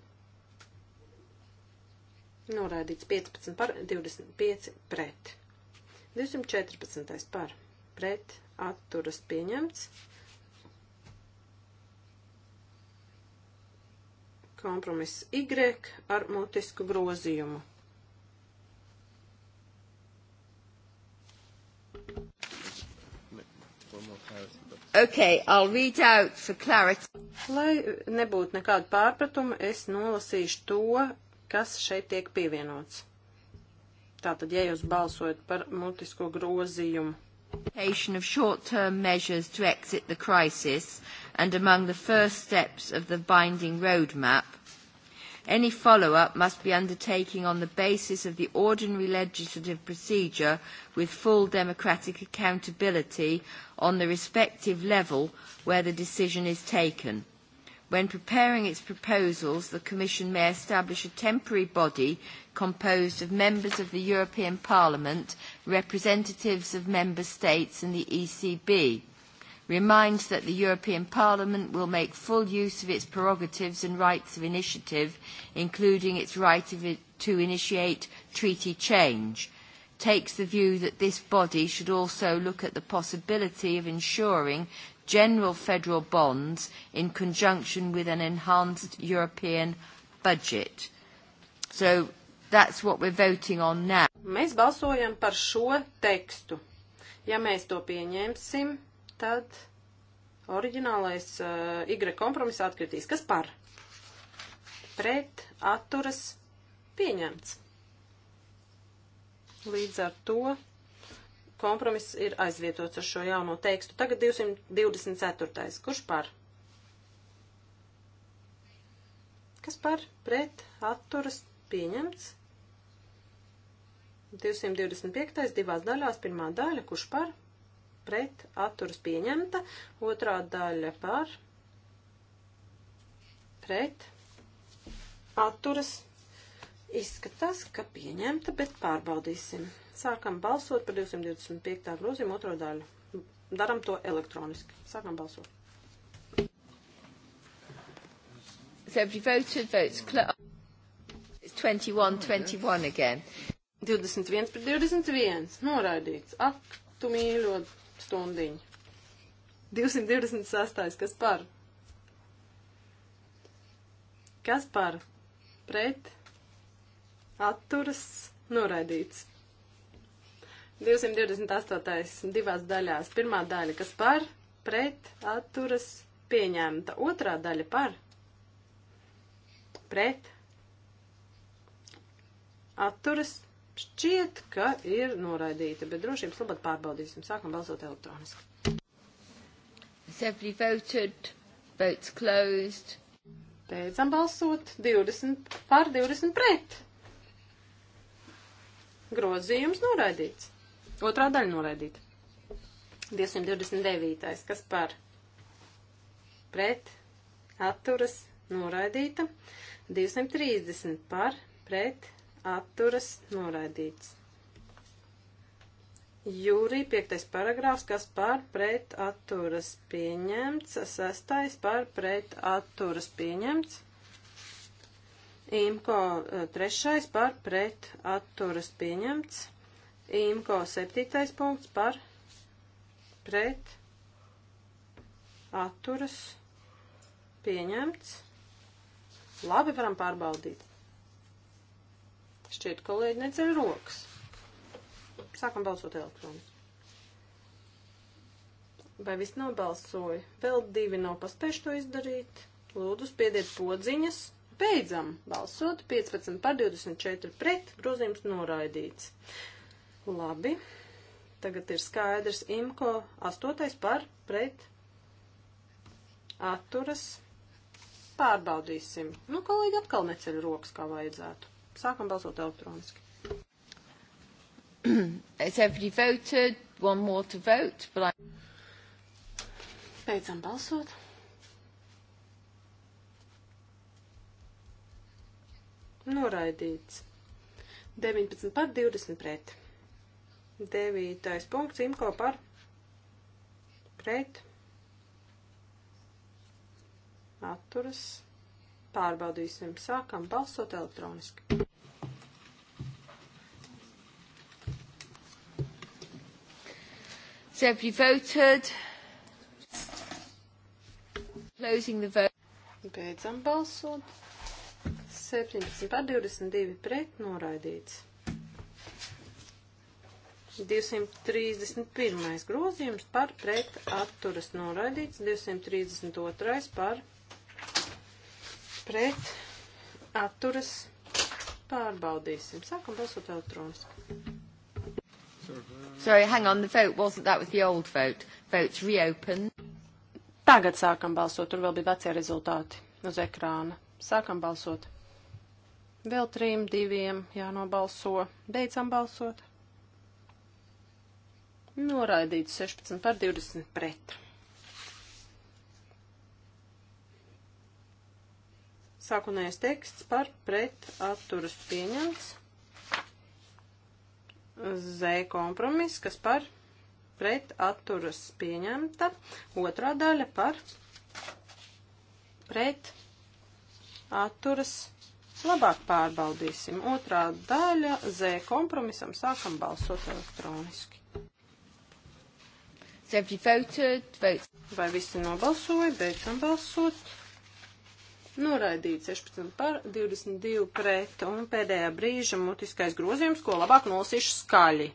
Noraidīts 15 par, 25 pret. 214 par, pret, atturas pieņemts. Kompromiss Y ar mutisku grozījumu. Okay, I'll read out for clarity. Lai nebūtu nekādu pārpratumu, es nolasīšu to, kas šeit tiek pievienots. Tātad, ja jūs balsojat par mutisko grozījumu. Of short-term measures to exit the crisis and among the first steps of the binding roadmap Any follow-up must be undertaken on the basis of the ordinary legislative procedure with full democratic accountability on the respective level where the decision is taken. When preparing its proposals, the Commission may establish a temporary body composed of members of the European Parliament, representatives of Member States and the ECB reminds that the European Parliament will make full use of its prerogatives and rights of initiative, including its right of it to initiate treaty change, takes the view that this body should also look at the possibility of ensuring general federal bonds in conjunction with an enhanced European budget. So that's what we're voting on now. Mēs balsojam par šo tekstu. Ja mēs to pieņemsim, tad oriģinālais uh, Y kompromiss atkritīs. Kas par? Pret atturas pieņemts. Līdz ar to kompromiss ir aizvietots ar šo jauno tekstu. Tagad 224. Kurš par? Kas par? Pret atturas pieņemts. 225. divās daļās, pirmā daļa, kurš par? pret atturas pieņemta, otrā daļa par pret atturas izskatās, ka pieņemta, bet pārbaudīsim. Sākam balsot par 225. grozījumu otro daļu. Daram to elektroniski. Sākam balsot. If every voted votes close. 21, 21 again. 21 pret 21. Noraidīts. Ak, tu mīļo stundiņu. 226. kas par? Kas par? Pret? Atturas? Noraidīts. 228. divās daļās. Pirmā daļa, kas par? Pret? Atturas? Pieņemta. Otrā daļa par? Pret? Atturas? Šķiet, ka ir noraidīta, bet drošības labāk pārbaudīsim. Sākam balsot elektroniski. Has everybody voted? Votes closed. Beidzam balsot 20 pār 20 pret. Grozījums noraidīts. Otrā daļa noraidīta. 229. Kas par? Pret. Atturas. Noraidīta. 230 par. Pret atturas noraidīts. Jūrī 5. paragrāfs, kas par pret atturas pieņemts, 6. par pret atturas pieņemts, IMKO 3. Eh, par pret atturas pieņemts, IMKO 7. punkts par pret atturas pieņemts. Labi, varam pārbaudīt. Šķiet, kolēģi neceļ rokas. Sākam balsot elektroniski. Vai viss nobalsoja? Vēl divi nav paspējuši to izdarīt. Lūdzu, spiediet podziņas. Beidzam balsot. 15 par 24 pret. Grozījums noraidīts. Labi. Tagad ir skaidrs IMKO 8 par pret. Atturas. Pārbaudīsim. Nu, kolēģi atkal neceļ rokas, kā vajadzētu. Sākam balsot elektroniski. [clears throat] Has everybody voted? One more to vote, but I... Beidzam balsot. Noraidīts. 19 par 20 pret. 9. punkts Imko par pret. Atturas. Pārbaudīsim. Sākam balsot elektroniski. So have you voted? Closing the vote. Beidzam balsot. 17 par 22 pret noraidīts. 231. grozījums par pret atturas noraidīts, 232. par pret atturas pārbaudīsim. Sākam balsot elektroniski. Sorry, hang on, the vote wasn't that was the old vote. Votes reopened. Tagad sākam balsot, tur vēl bija vecie rezultāti uz ekrāna. Sākam balsot. Vēl trim, diviem jānobalso. Beidzam balsot. Noraidīts 16 par 20 pret. Sākunējais teksts par pret atturas pieņemts. Z kompromiss, kas par pret atturas pieņemta, otrā daļa par pret atturas labāk pārbaudīsim. Otrā daļa Z kompromisam sākam balsot elektroniski. Vai visi nobalsoja? Beidzam balsot. Noraidīt 16 par 22 pret un pēdējā brīža mutiskais grozījums, ko labāk nolasīšu skaļi.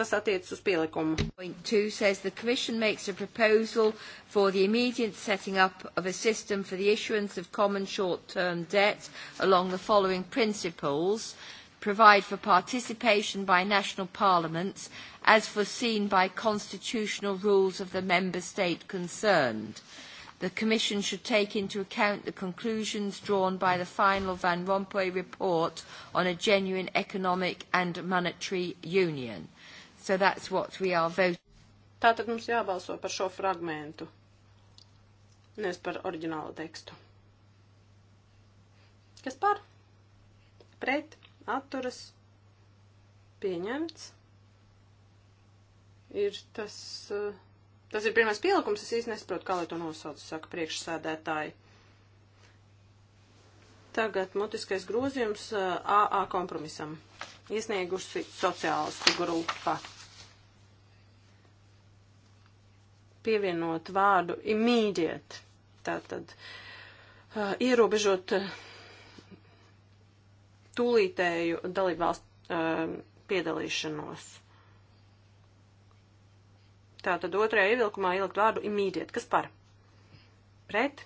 Tas attiecas uz pielikumu. Point 2 says the Commission makes a proposal for the immediate setting up of a system for the issuance of common short-term debt along the following principles provide for participation by national parliaments as foreseen by constitutional rules of the member state concerned. Uh, the Commission should take into account the conclusions drawn by the final Van Rompuy report on a genuine economic and monetary union. So that's what we are voting. Tātad mums jābalso par šo fragmentu, nevis par oriģinālu tekstu. Kas par? Pret, atturas, pieņemts. Ir tas. Uh, Tas ir pirmais pielikums, es īsti nesaprotu, kā lai to nosauc, saka priekšsēdētāji. Tagad mutiskais grozījums AA eh, kompromisam. Iesniegusi sociālistu grupa. Pievienot vārdu immediate. Tātad uh, ierobežot uh, tūlītēju dalībvalstu uh, piedalīšanos tātad otrajā ievilkumā ielikt vārdu immediate. Kas par? Pret?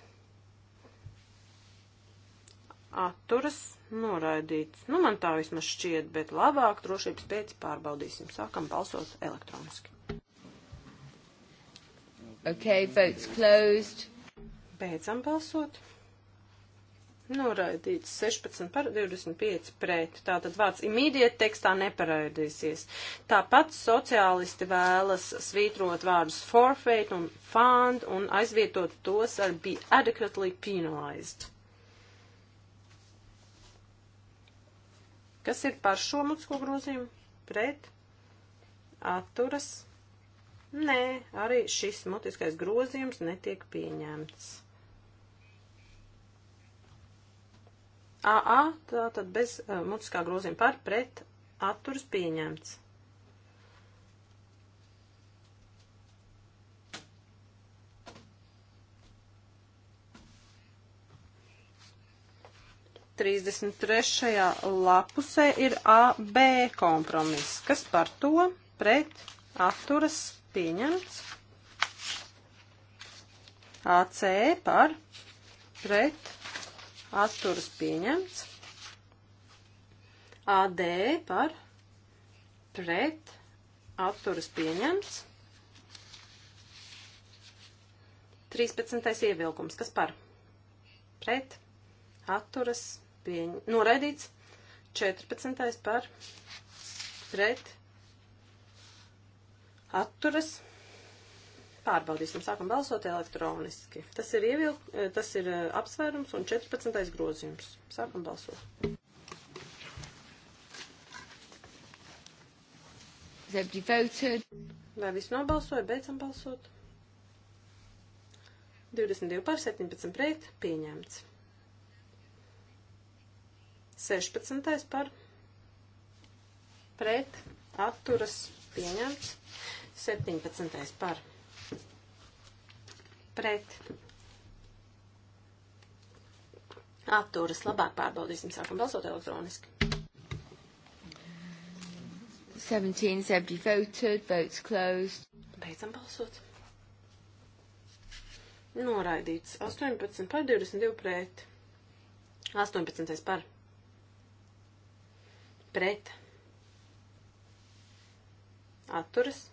Atturas noraidīts. Nu, man tā vismaz šķiet, bet labāk drošības pēc pārbaudīsim. Sākam balsot elektroniski. Okay, votes closed. Beidzam balsot. Noraidīts 16 par 25 pret. Tātad vārds imīdiet tekstā neparaidīsies. Tāpat sociālisti vēlas svītrot vārdus forfeit un fund un aizvietot tos ar be adequately penalized. Kas ir par šo mutisko grozījumu? Pret? Atturas? Nē, arī šis mutiskais grozījums netiek pieņemts. AA, tātad bez uh, mutiskā grozījuma par pret atturas pieņemts. Trīsdesmit trešajā lapusē ir AB kompromiss, kas par to pret atturas pieņemts. AC par pret atturas pieņemts. AD par pret atturas pieņemts. 13. ievilkums. Kas par? Pret atturas pieņ... noraidīts. 14. par pret atturas pieņemts. Pārbaudīsim, sākam balsot elektroniski. Tas ir, ievil, eh, tas ir eh, apsvērums un 14. grozījums. Sākam balsot. Vai viss nobalsoja? Beidzam balsot. 22 par 17 pret pieņemts. 16 par pret atturas pieņemts. 17 par pret pret atturas. Labāk pārbaudīsim, sākam balsot elektroniski. 17, 70 voted, votes closed. Beidzam balsot. Noraidīts 18 par 22 pret. 18 par. Pret. Atturas.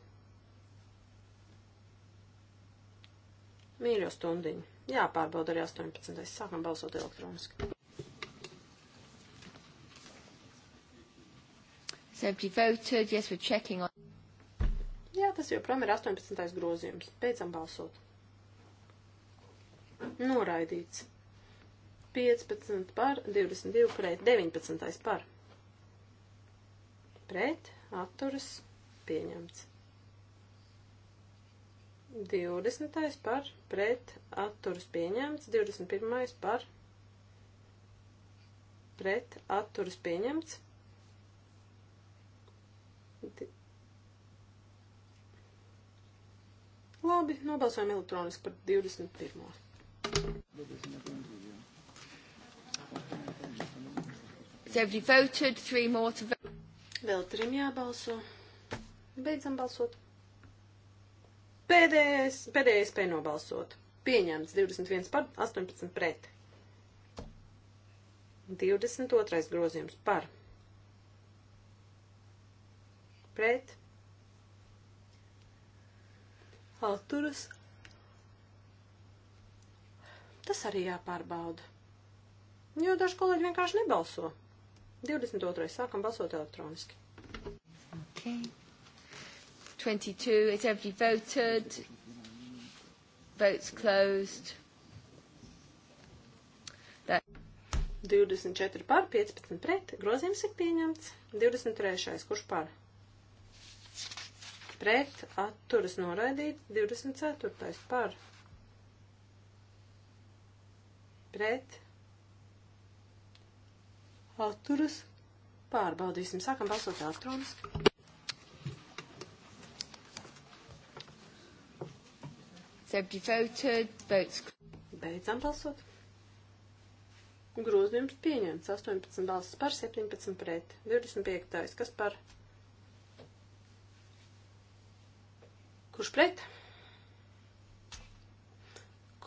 Mīļo stundiņu. Jā, pārbauda arī 18. Sākam balsot elektroniski. Simply voted, yes, we're checking on. Jā, tas joprojām ir 18. grozījums. Beidzam balsot. Noraidīts. 15 par, 22 pret, 19 par. Pret, atturas, pieņemts. 20. par pret atturas pieņemts, 21. par pret atturas pieņemts. Labi, nobalsojam elektroniski par 21. Voted, Vēl trim jābalso. Beidzam balsot. Pēdējais, pēdējais iespēja nobalsot. Pieņemts 21 par, 18 pret. 22. grozījums par. Pret. Atturas. Tas arī jāpārbauda. Jo daži kolēģi vienkārši nebalso. 22. sākam balsot elektroniski. Okay. 22. Has everybody voted? Votes closed. That 24 par, 15 pret, grozījums ir pieņemts. 23. Kurš par? Pret, atturas noraidīt. 24. par. Pret, atturas. Pārbaudīsim. Sākam balsot elektroniski. Seventy voted, votes. Beidzam balsot. Grozījums pieņemts. 18 balsis par, 17 pret. 25. Tais. Kas par? Kurš pret?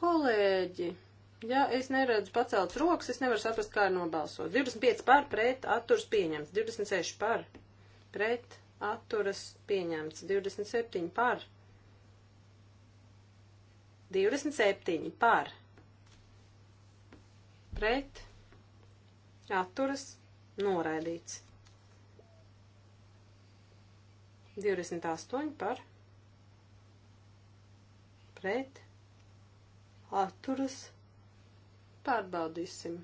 Kolēģi, ja es neredzu pacelts rokas, es nevaru saprast, kā ir nobalsot. 25 par, pret, atturs pieņemts. 26 par, pret, atturas pieņemts. 27 par, pret 27 par pret atturas noraidīts. 28 par pret atturas pārbaudīsim.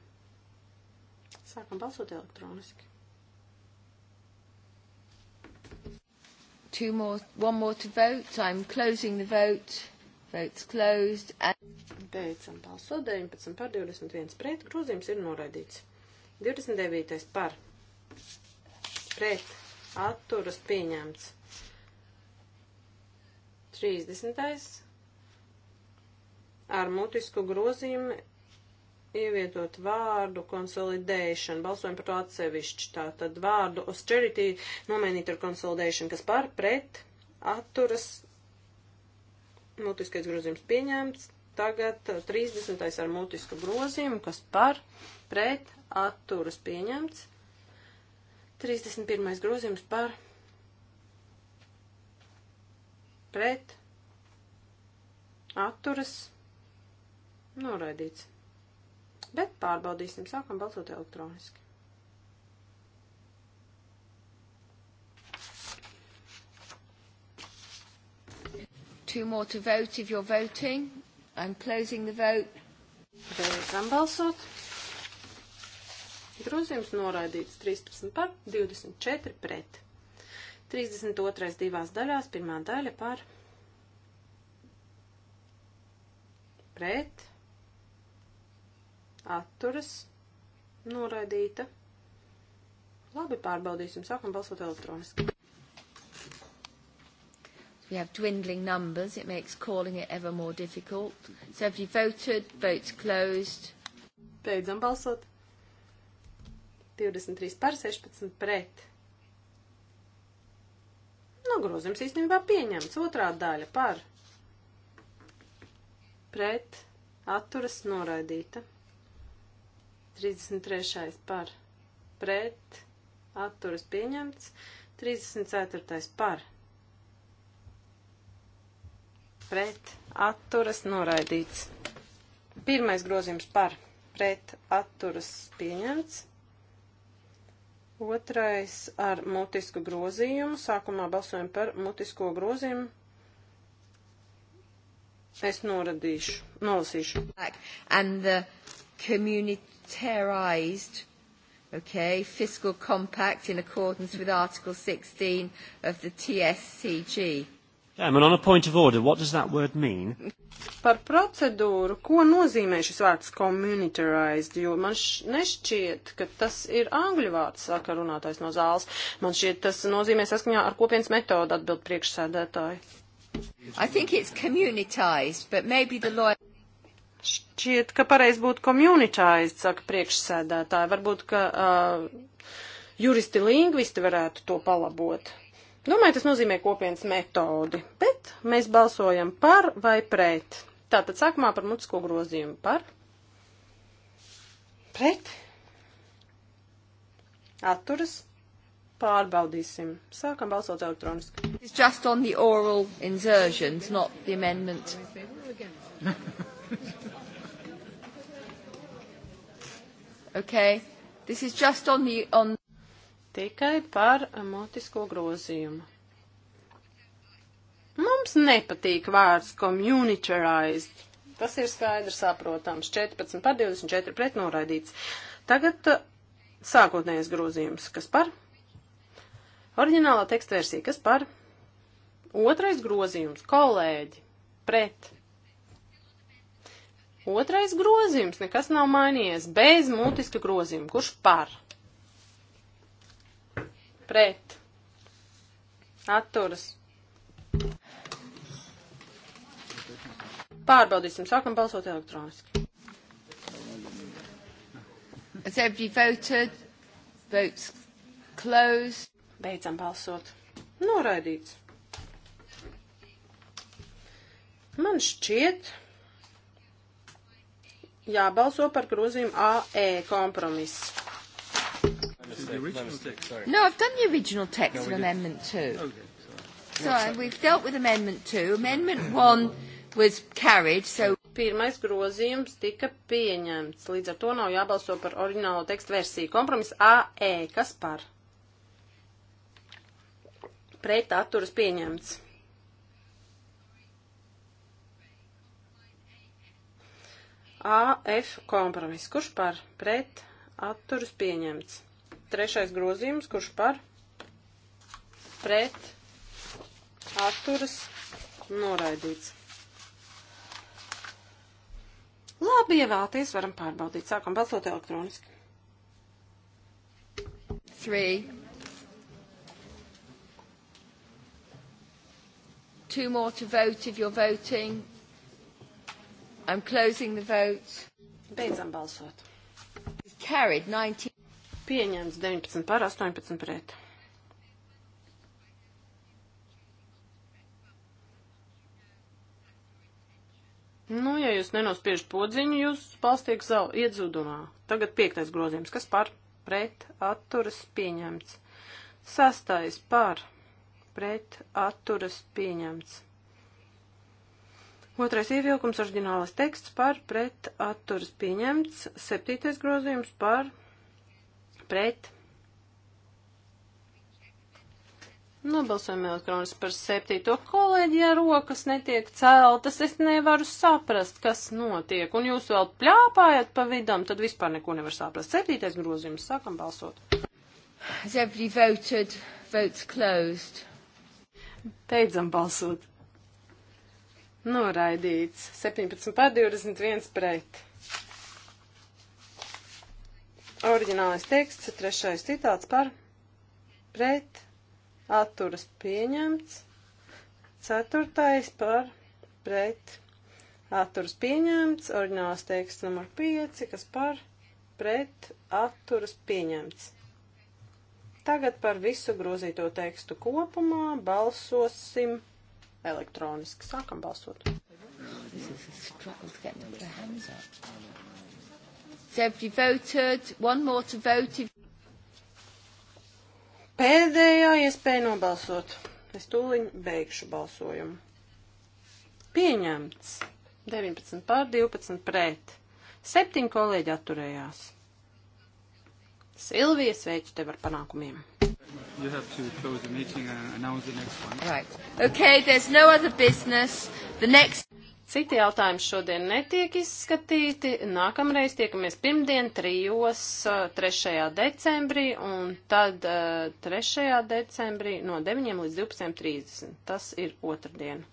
Sākam balsot elektroniski. Two more, one more to vote. I'm closing the vote. Votes closed. And... Beidzam balsot 19 par 21 pret. Grozījums ir noraidīts. 29. par pret atturas pieņemts. 30. ar mutisku grozījumu ievietot vārdu consolidation. Balsojam par to atsevišķi. Tātad vārdu austerity nomainīt ar consolidation, kas par pret atturas mutiskais grozījums pieņemts. Tagad 30. ar mutisku grozījumu, kas par pret atturas pieņemts. 31. grozījums par pret atturas noraidīts. Bet pārbaudīsim, sākam balsot elektroniski. two more to vote if you're voting. I'm closing the vote. Beidzam balsot. Grozījums noraidīts 13 par, 24 pret. 32. divās daļās, pirmā daļa par pret, atturas, noraidīta. Labi, pārbaudīsim, sākam balsot elektroniski. We have dwindling numbers. It makes calling it ever more difficult. So have you voted? Votes closed. Beidzam balsot. 23 par 16 pret. Nu, grozījums īstenībā pieņemts. Otrā daļa par pret atturas noraidīta. 33. par pret atturas pieņemts. 34. par pret pret atturas noraidīts. Pirmais grozījums par pret atturas pieņemts. Otrais ar mutisku grozījumu. Sākumā balsojam par mutisko grozījumu. Es noradīšu, nolasīšu. And the communitarized okay, fiscal compact in accordance with Article 16 of the TSCG. Yeah, I mean, on a point of order, what does that word mean? Par procedūru, ko nozīmē šis vārds communitarized, jo man nešķiet, ka tas ir angļu vārds, saka runātājs no zāles. Man šķiet, tas nozīmē saskaņā ar kopienas metodu atbild priekšsēdētāji. I think it's communitized, but maybe the lawyer... Šķiet, ka pareiz būtu communitized, saka priekšsēdētāji. Varbūt, ka uh, juristi lingvisti varētu to palabot. Domāju, tas nozīmē kopienas metodi, bet mēs balsojam par vai pret. Tātad sākumā par mutisko grozījumu par. Pret. Atturas. Pārbaudīsim. Sākam balsot elektroniski. It's just on the oral insertions, not the amendment. [laughs] okay. This is just on the on tikai par mutisko grozījumu. Mums nepatīk vārds communitarized. Tas ir skaidrs saprotams. 14 par 24 pret noraidīts. Tagad uh, sākotnējais grozījums. Kas par? Oriģinālā teksta versija. Kas par? Otrais grozījums. Kolēģi. Pret. Otrais grozījums, nekas nav mainījies, bez mutiska grozījuma. Kurš par? pret atturas. Pārbaudīsim, sākam balsot elektroniski. Has everybody voted? Votes closed. Beidzam balsot. Noraidīts. Man šķiet, jābalso par grozījumu AE kompromisu the original text? Sorry. No, I've done the original text no, of Amendment 2. Okay, sorry. So uh, we've dealt with Amendment 2. Amendment 1 was carried, so... Pirmais grozījums tika pieņemts, līdz ar to nav jābalso par oriģinālo tekstu versiju. Kompromiss AE, kas par? Pret atturas pieņemts. AF kompromiss, kurš par? Pret atturas pieņemts. Trešais grozījums, kurš par pret atturas noraidīts. Labi, ja vēlaties, varam pārbaudīt. Sākam balsot elektroniski. Three. Two more to vote if you're voting. I'm closing the vote. Beidzam balsot. Carried 19. Pieņemts 19 par 18 pret. Nu, ja jūs nenospiež podziņu, jūs balstiek zau iedzudumā. Tagad piektais grozījums, kas par pret atturas pieņemts. Sastais par pret atturas pieņemts. Otrais ievilkums oriģinālais teksts par pret atturas pieņemts. Septītais grozījums par pret pret. Nobalsojam elektroniski par septīto kolēģi, ja rokas netiek celtas, es nevaru saprast, kas notiek. Un jūs vēl pļāpājat pa vidam, tad vispār neko nevar saprast. Septītais grozījums, sākam balsot. Has every voted, votes closed. Beidzam balsot. Noraidīts. 17 pār 21 pret. Oriģinālais teksts, trešais citāts par pret atturas pieņemts. Ceturtais par pret atturas pieņemts. Oriģinālais teksts numur 5, kas par pret atturas pieņemts. Tagad par visu grozīto tekstu kopumā balsosim elektroniski. Sākam balsot. This is a struggle to get their hands up everybody voted? One more to vote. If... Pēdējā iespēja nobalsot. Es tūliņ beigšu balsojumu. Pieņemts. 19 pār 12 pret. Septiņi kolēģi atturējās. Silvija, sveicu tev ar panākumiem. You have to close the meeting and announce the next one. Right. Okay, there's no other business. The next Citi jautājumi šodien netiek izskatīti. Nākamreiz tiekamies pirmdien, 3. 3. Eh, decembrī, un tad 3. Eh, decembrī no 9 līdz 12.30. Tas ir otrdien.